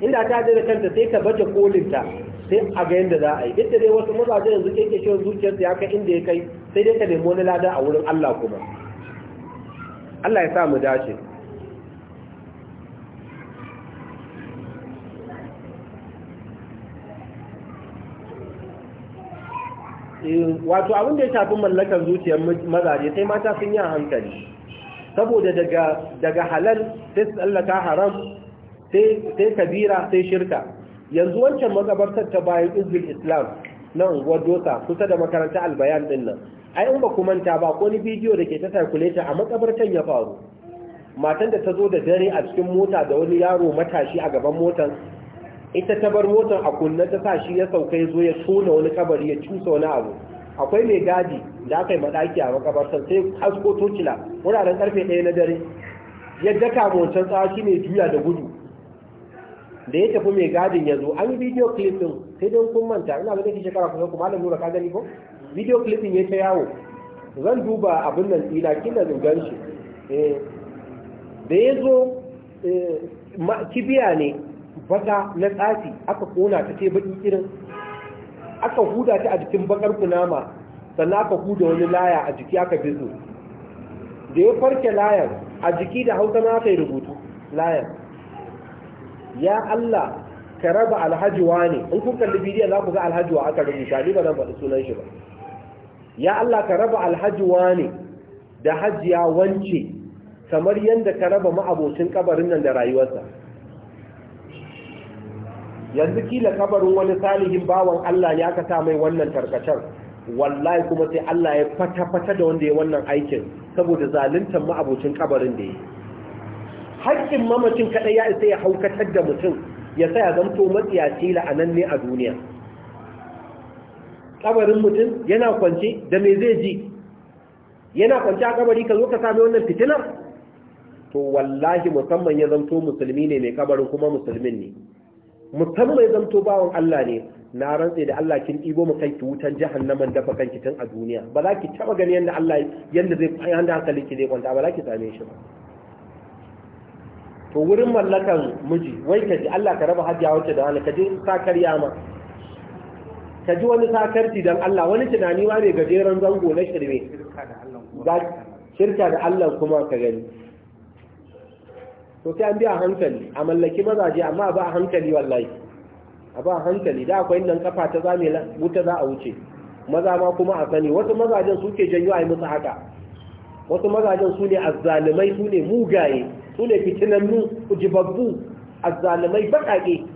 inda ta yadda da kanta sai ta bace kolinta sai a ga yadda za a yi duk da dai wasu mazaje yanzu keke shi zuciyarsa ya kai inda ya kai sai dai ka nemi wani lada a wurin Allah kuma Allah ya sa mu dace eh, wato abin da ya shafi mallakar zuciyar mazaje sai mata sun yi hankali saboda daga halal sai tsallaka haram sai kabira sai shirka yanzu wancan magabartar ta bayan izbin islam na unguwar kusa da makarantar albayan dinnan ai in ba ku manta ba ko ni bidiyo da ke ta circulator a makabartan ya faru matan da ta zo da dare a cikin mota da wani yaro matashi a gaban motan ita ta bar motar a kunne ta sa shi ya sauka ya zo ya tona wani kabari ya cusa wani abu akwai mai gadi da aka yi madaki a makabartan sai hasko tocila wuraren karfe ɗaya na dare ya daka wancan tsawa shi ne juya da gudu da ya tafi mai gadin ya zo an yi bidiyo clip din sai don kun manta ina ga zai shekara kusa kuma malam nura ka gani ko video clipping ya ta yawo zan duba abin nan ina, kina zan gan shi eh, da ya zo eh, kibiya ne baka na tsafi aka kona ta ce baki irin aka huda ta a jikin bakar kunama sannan aka huda wani laya a jiki aka bizo da ya farke layar a jiki da hausa na kai rubutu layar. ya Allah ka raba alhajiwa ne in kun kalli bidiyon za ku ga alhajiwa aka rubuta ni ba zan faɗi sunan shi ba ya Allah ka raba alhaji ne da hajiya wance kamar yadda ka raba ma'abocin kabarin nan da rayuwarsa yanzu kila kabarin wani salihin bawan Allah ya ka mai wannan tarkacen wallahi kuma sai Allah ya fata-fata da wanda ya wannan aikin saboda zaluntar ma'abocin kabarin da ya haƙƙin mamacin kaɗai ya isa ya haukatar da mutum ya sa ya zamto matsiyaci la'anan ne a duniya kabarin mutum yana kwance da me zai ji yana kwance a kabari ka zo ka sami wannan fitinar to wallahi musamman ya zanto musulmi ne mai kabarin kuma musulmin ne musamman ya zanto bawan Allah ne na rantse da Allah kin ibo mu kai ki wutan jahannaman dafa kanki tun a duniya ba za ki taba gani yanda Allah yanda zai yanda hankalin ki zai kwanta ba za ki same shi ba to wurin mallakan miji wai kaji Allah ka raba hajjia wacce da wani kaji sa karya ma ka ji wani sakarci don Allah wani tunani ma mai gajeren zango na shirme shirka da Allah kuma ka gani to sai an biya hankali a mallaki mazaje amma ba a hankali wallahi a ba a hankali da akwai nan kafa ta zame wuta za a wuce maza ma kuma a sani wasu mazajen suke janyo a yi musu haka wasu mazajen su ne azzalumai su ne mugaye su ne fitinannu jibabbu azzalumai baƙaƙe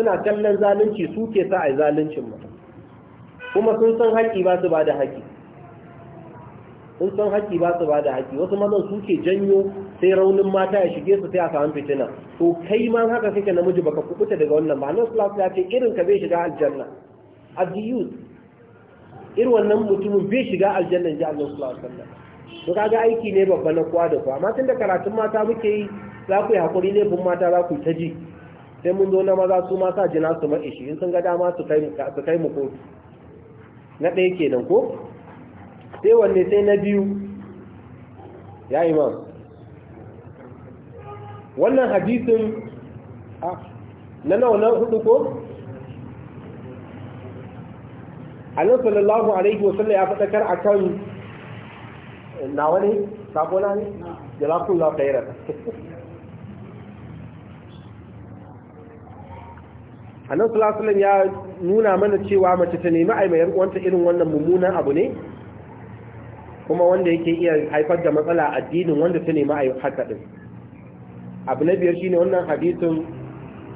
suna kallon zalunci su ke sa a zaluncin ma kuma sun san haƙƙi ba su ba da haƙƙi sun san haƙƙi ba su ba da haƙƙi wasu mazan su ke janyo sai raunin mata ya shige su sai a samu fitina to kai ma haka kake namiji baka kubuta daga wannan ba Allah subhanahu ya ce irin ka bai shiga aljanna abdiyus irin wannan mutumin bai shiga aljanna ji Allah subhanahu wa ta'ala to kaga aiki ne babba na kwa da kwa amma tunda karatun mata muke yi za ku yi hakuri ne bin mata za ku ta ji sai mun zo na maza su ma sa jina su maɗe shi in sun ga dama su kai mu kotu na ɗaya kenan ko sai wanne sai na biyu ya imam wannan hadisin na nawa na hudu ko annan sallallahu alaihi wa wasallam ya faɗakar a kan eh, na wani sako na ne jalakun za ka yi rata annabi sallallahu ya nuna mana cewa mace ta nemi a mayar wanta irin wannan mummunan abu ne kuma wanda yake iya haifar da matsala addinin wanda ta nemi ai haka abu na biyar shine wannan hadisin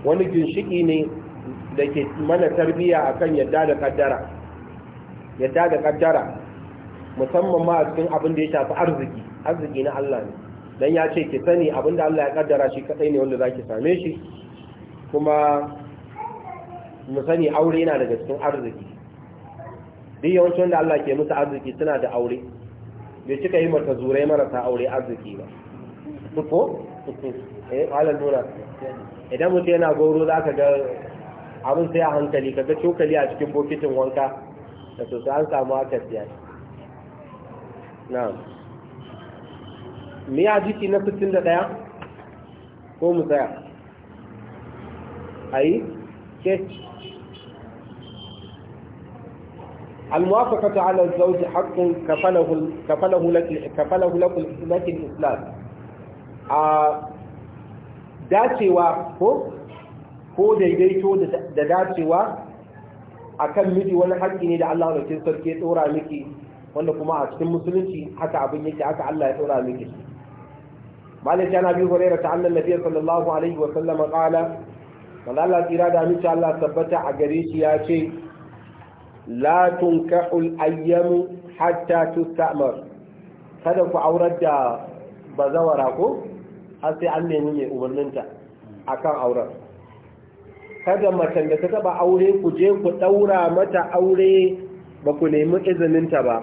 wani ginshiki ne da ke mana tarbiya kan yadda da kaddara yadda da kaddara musamman ma a cikin abin da ya shafi arziki arziki na Allah ne dan ya ce ki sani abin da Allah ya kaddara shi kaɗai ne wanda za ki same shi kuma mu sani aure yana daga cikin arziki duk yawanci da Allah ke musu arziki suna da aure bai cika yi mata zurai marasa aure arziki ba ko eh halar nuna idan mutu yana goro za ka ga abin sai a hankali ka ga cokali a cikin bokitin wanka da sosai an samu aka siya na'am me ya jiki na 61 ko mu tsaya ayi ke الموافقة على الزوج حق كفله كفله لك كفله لك الإسلام dacewa ko daidaito da dacewa akan miji wani haƙƙi ne da Allah madaukakin sarki ya tsora miki wanda kuma a cikin musulunci haka abin yake haka Allah ya tsora miki مالك عن ابي هريره عن النبي صلى الله عليه وسلم قال wanda Allah tsira da amince Allah tabbata a gare shi ya ce la al-ayyam hatta tustamar kada ku aurar da bazawara ko har sai an nemi mai umarninta akan auren kada macen da ta taba aure ku je ku daura mata aure ba ku nemi ta ba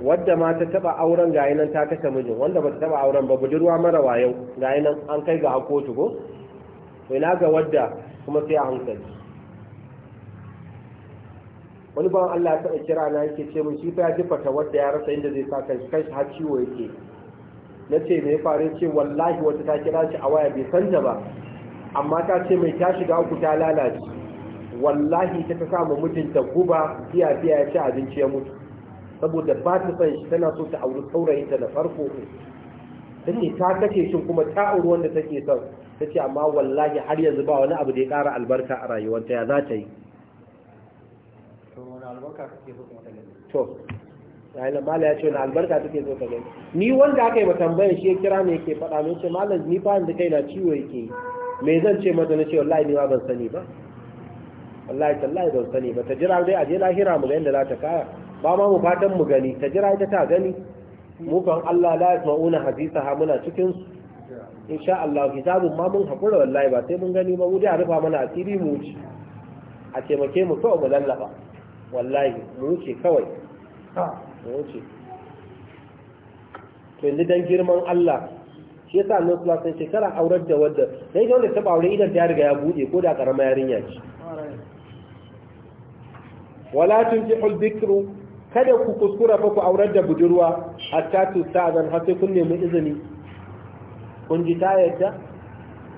wadda ma ta taba auren ga ta kashe mijin wanda ba ta taba auren ba budurwa mara wayo ga an kai ga kotu ko to ina ga wadda kuma sai a hankali wani ban Allah ya taɓa kira na yake ce mun shi fa ya ji fata wadda ya rasa inda zai sa kai kai har ciwo yake na ce me ya faru ce wallahi wata ta kira shi a waya bai san ta ba amma ta ce mai ta shiga uku ta lalace wallahi ta ta samu mutunta guba fiya fiya ya ci abinci ya mutu saboda ba ta san shi tana so ta auri saurayinta da farko ta ne ta kace shin kuma ta auri wanda take son ta ce amma wallahi har yanzu ba wani abu da ya ƙara albarka a rayuwarta ya za ta yi to ayyana mala ya ce wani albarka take so ka gani ni wanda aka yi ba tambayar shi ya kira ne yake faɗa mai ce malam ni fa da kai na ciwo yake me zan ce mata na ce wallahi ni ma ban sani ba wallahi tallahi ban sani ba ta jira dai a je lahira mu ga yadda za ta kaya ba ma mu fatan mu gani ta jira ita ta gani mu kan Allah la yasma'una hadisa ha muna cikin su in sha Allah kitabun ma mun hakura wallahi ba sai mun gani ba mu a rufa mana asiri mu ci a taimake mu kawai mu lallaba wallahi mu wuce kawai mu wuce to yanzu dan girman Allah shi yasa Allah subhanahu wa shekara aurar da wadda dai ga wanda ta ba aure idan ta riga ya bude ko da karama yarinya ce wala tunjihul bikru kada ku kuskura fa ku aurar da budurwa hatta tu sa'dan har sai kun nemi izini kun ji ta yadda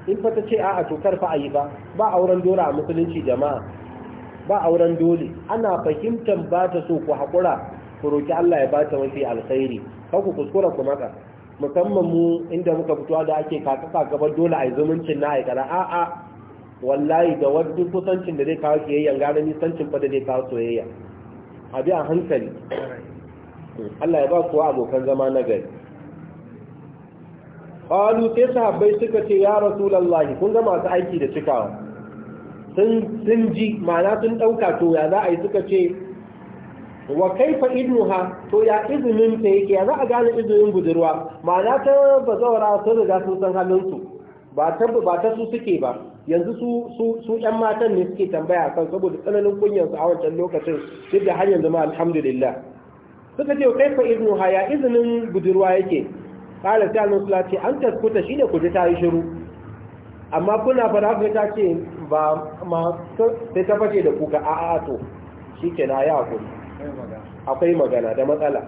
in fa ta ce a'a to karfa a yi ba ba auren dole a musulunci jama'a ba auren dole ana fahimtar ba ta so ku haƙura ku roki Allah ya ba ta mafi alkhairi kan ku kuskura ku maka musamman mu inda muka fito da ake kaka gaba dole a zumuncin na aikata a'a wallahi da wadda kusancin da zai kawo kiyayya gane nisancin fa da zai kawo soyayya a bi a hankali Allah ya ba kuwa abokan zama na gari qalu sai sahabbai suka ce ya rasu rasulullahi kun ga masu aiki da cikawa sun sun ji ma'ana sun dauka to ya za a yi suka ce wa kaifa idnuha to ya izinin ta yake ya za a gane izinin budurwa ma'ana ta bazawara sun riga sun san halin ba ta ba ta su suke ba yanzu su su matan ne suke tambaya kan saboda tsananin kunyar su a wancan lokacin duk da har yanzu ma alhamdulillah suka ce kaifa idnuha ya izinin budurwa yake kala ta sula ce an taskuta shine ku ji ta yi shiru amma kuna fara ku ta ce ba ma sai ta fashe da kuka a a to na ya hakuri akwai magana da matsala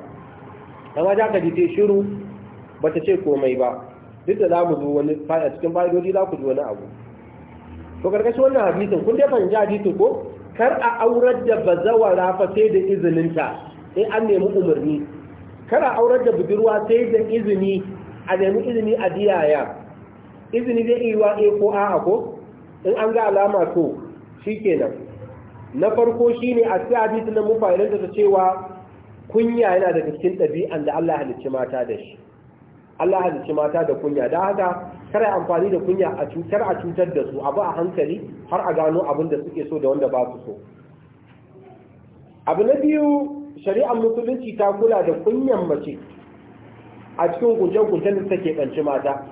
amma da ka ji ta shiru ba ta ce komai ba duk da za mu zo wani fa'a cikin fa'idodi za ku ji wani abu to karkashin wannan hadisin kun dai fahimci hadisin ko kar a aurar da bazawara fa sai da izininta sai an nemi umarni kana aurar da budurwa sai da izini a nemi izini a diyaya izini zai iya a ko a'a ko in an ga alama to shikenan na farko shi ne a sai tunan na mufairin da cewa kunya yana da cikin ɗabi'an da Allah halicci mata da shi Allah halicci mata da kunya da haka kare amfani da kunya a cutar a cutar da su abu a hankali har a gano abin da suke so da wanda ba su so abu na biyu shari'ar musulunci ta kula da kunyan mace a cikin gujen-gujen da take ɗanci mata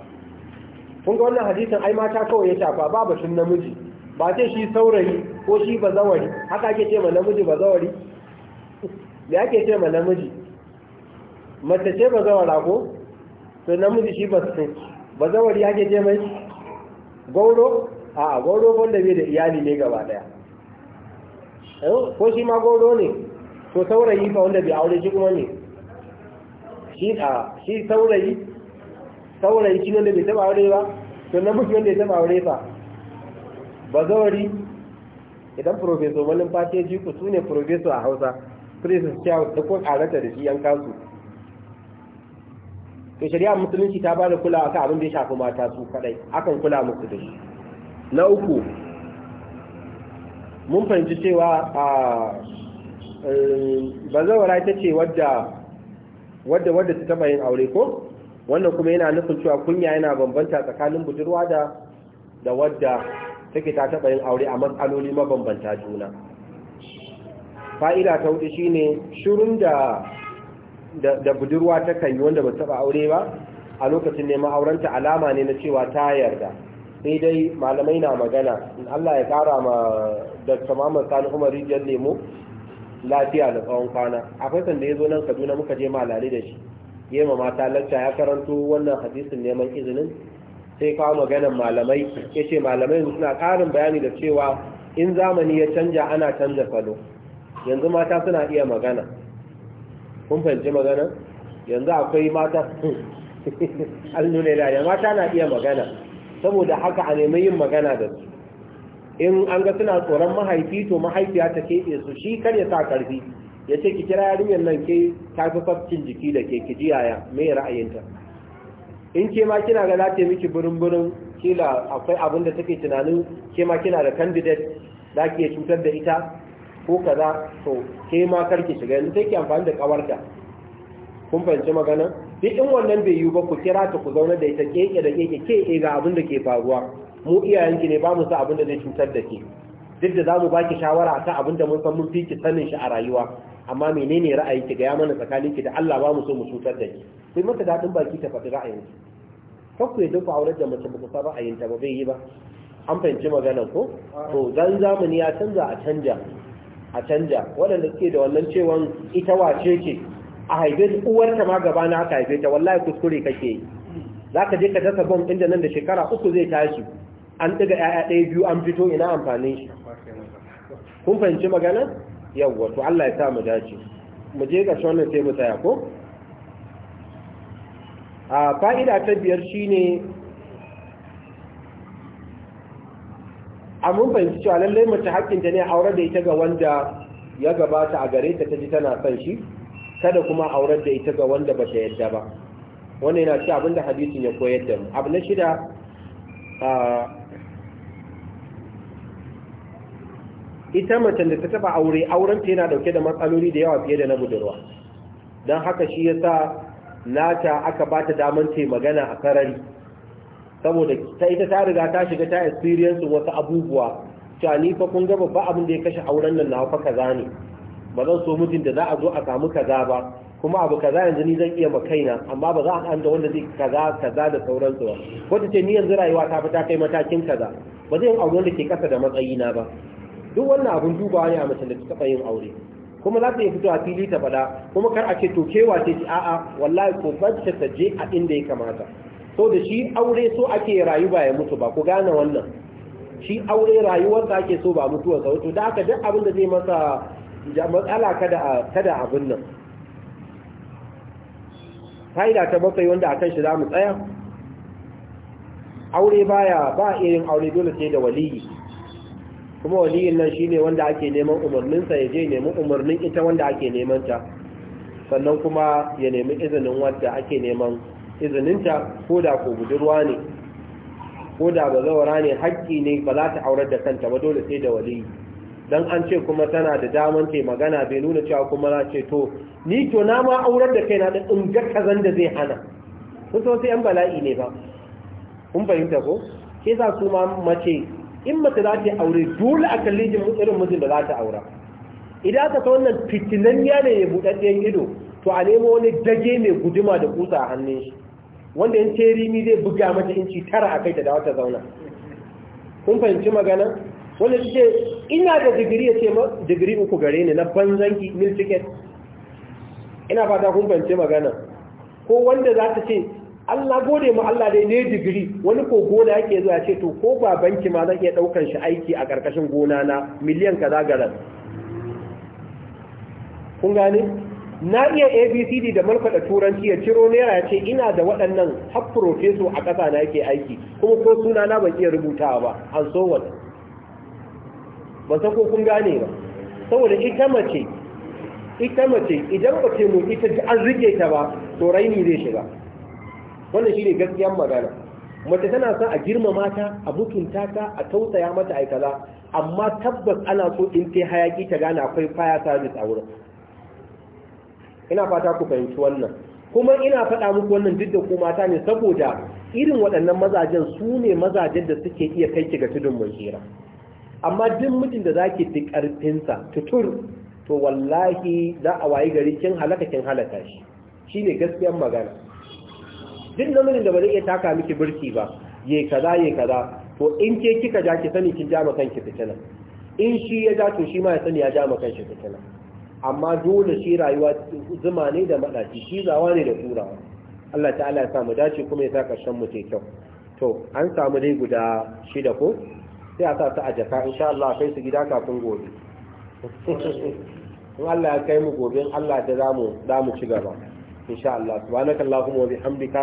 kun ga wannan hadisin ai mata kawai ya shafa ba batun namiji ba ce shi saurayi ko shi bazawari haka ake ce ma namiji bazawari da ake ce ma namiji mace ce bazawara ko to namiji shi basu bazawari ake ce mai gauro a gauro wanda bai da iyali ne gaba daya ko shi ma gauro ne to saurayi fa wanda bai aure shi kuma ne shi a shi saurayi saurayi shi wanda bai taba aure ba to namiji wanda ya taba aure fa Ba bazawari idan professor wani fateji ku su ne professor a hausa princess charles da kun karanta da shi yan kansu to shari'a musulunci ta ba da kulawa kan abin da ya shafi mata su kadai akan kula musu da shi na uku mun fahimci cewa a bazawara ita ce wadda wadda ta taba yin aure ko wannan kuma yana nufin cewa kunya yana bambanta tsakanin budurwa da da wadda take ta taba yin aure a matsaloli mabambanta juna fa'ida ta hudu shi shirun da da budurwa ta kan yi wanda ba taba aure ba a lokacin ne ma'auranta alama ne na cewa ta yarda sai dai malamai na magana in Allah ya kara ma da Muhammad Sani Umar Rijiyar Lemo lafiya da tsawon kwana akwai sanda ya zo nan kaduna muka je malali da shi ya ma mata lacca ya karanto wannan hadisin neman izinin sai kawo maganar malamai ya ce malamai suna ƙarin bayani da cewa in zamani ya canja ana canja salo yanzu mata suna iya magana kun fahimci magana yanzu akwai mata an nuna da mata na iya magana saboda haka a neman yin magana da su in an ga suna tsoron mahaifi to mahaifiya ta keɓe su shi kar ya sa ƙarfi ya ce ki kira yarinyar nan ke ta fi fafcin jiki da ke ki jiyaya mai ra'ayinta in ke ma kina ga za miki burin burin kila akwai abin da take tunanin ke ma kina da candidate za ki cutar da ita ko kaza to ke ma kar ki shiga yanzu sai amfani da kawarta kun fahimci magana duk in wannan bai yiwu ba ku kira ta ku zauna da ita keke da keke ke eh, ga abin da ke faruwa mu iyayenki ne ba mu sa abin da zai cutar da ke duk da za mu baki shawara a kan abin da mun san mun fi ki sanin shi a rayuwa amma menene ra'ayi ki ga ya mana tsakanin ki da Allah ba mu so mu cutar da ki sai mata dadin baki ta faɗi ra'ayin ki ku yi ku aurar da mace ba ku san ra'ayinta ta ba bai yi ba an fahimci maganar ko to dan zamani ya canza a canja a canja waɗanda suke da wannan cewan ita wace ce a haife uwarta ma gaba na aka haife ta wallahi kuskure kake yi za ka je ka dasa bom ɗin da nan da shekara uku zai tashi an daga ɗaya ɗaya biyu an fito ina amfanin shi kun fahimci magana yawwa to Allah ya sa mu dace mu je ga wannan sai mu tsaya ko a fa'ida ta biyar shine a mun fahimci cewa lallai mace haƙƙinta ne aure da ita ga wanda ya gabata a gare ta taji ji tana son shi kada kuma aurar da ita ga wanda ba ta yadda ba wannan yana ci abinda hadisin ya koyar da mu abu na shida ita macen da ta taba aure aurenta yana dauke da matsaloli da yawa fiye da na budurwa don haka shi yasa nata aka ba ta daman ce magana a karari. saboda ta ita ta riga ta shiga ta experience wasu abubuwa cewa ni fa kun ga ba abin da ya kashe auren nan na fa kaza ne ba zan so mutum da za a zo a samu kaza ba kuma abu kaza yanzu ni zan iya ma kaina amma ba za a da wanda zai kaza kaza da sauransu ba ta ce ni yanzu rayuwa ta fi ta kai matakin kaza ba zai yi abu wanda ke kasa da matsayina ba duk wannan abun dubawa ne a mace da ta yin aure kuma za ta yi fito a fili ta faɗa kuma kar a ce to kewa ce ki a'a wallahi ko bacce ta je a inda ya kamata so da shi aure so ake rayu ba ya mutu ba ku gane wannan shi aure rayuwar da ake so ba mutuwar sa wato da aka duk abin da zai masa matsala kada kada abin nan fa'ida ta bakwai wanda a kan shi za mu tsaya aure baya ba irin aure dole sai da waliyi kuma waliyin nan shine wanda ake neman umarninsa ya je nemi umarnin ita wanda ake neman ta sannan kuma ya nemi izinin wanda ake neman izininta ko da ko budurwa ne ko da ba ne haƙƙi ne ba za ta aurar da kanta ba dole sai da waliyi dan an ce kuma tana da daman ce magana bai nuna cewa kuma na ce to ni to na ma aurar da kaina din in ga kazan da zai hana sun so sai an bala'i ne ba kun fahimta ko ke za su ma mace in mace za ta yi aure dole a kalli irin mijin da za ta aura idan aka ta wannan fitinanniya ne ya buɗaɗɗen ido to a nemo wani dage mai guduma da kusa a hannun shi wanda in terimi zai buga mata inci tara a kai ta da wata zauna kun fahimci magana wanda su ce ina da digiri ya ce ma digiri uku gare ni na banzanki mil ticket ina fata kun fahimci magana ko wanda za ta ce Allah gode mu Allah dai ne digiri wani ko gona yake zuwa ce to ko ba banki ma zan iya daukan shi aiki a karkashin gona na miliyan kaza garan kun gane na iya abcd da markaɗa turanci ya ciro naira ya ce ina da waɗannan har professor a ƙasa na yake aiki kuma ko suna na ban iya rubutawa ba an so wani ban san ko kun gane ba saboda ita mace ita mace idan ba ce mu ita an rike ta ba to raini zai shiga wannan shine gaskiyar magana mace tana sa a girmama ta a mutunta ta a tausaya mata aikala. kaza amma tabbas ana so in kai hayaki ta gane akwai fire service a wurin ina fata ku fahimci wannan kuma ina faɗa muku wannan duk da ku mata ne saboda irin waɗannan mazajen su ne mazajen da suke iya kai ki ga tudun mun hira amma duk mutum da zaki fi ƙarfinsa tutur to wallahi za a wayi gari kin halaka kin halaka shi shine gaskiyar magana duk namijin da ba zai iya taka miki birki ba ye kaza ye kaza to in ke kika ja ki sani kin ja ma kanki fitina in shi ya ja to shi ma ya sani ya ja ma kanshi fitina amma dole shi rayuwa zuma ne da madaci shi zawa ne da turawa Allah ta'ala ya sa mu dace kuma ya sa karshen mu ce kyau to an samu dai guda shida ko sai a sa su a jaka insha Allah kai su gida kafin gobe in Allah ya kai mu gobe Allah ta zamu zamu ci gaba insha Allah subhanakallahumma wa bihamdika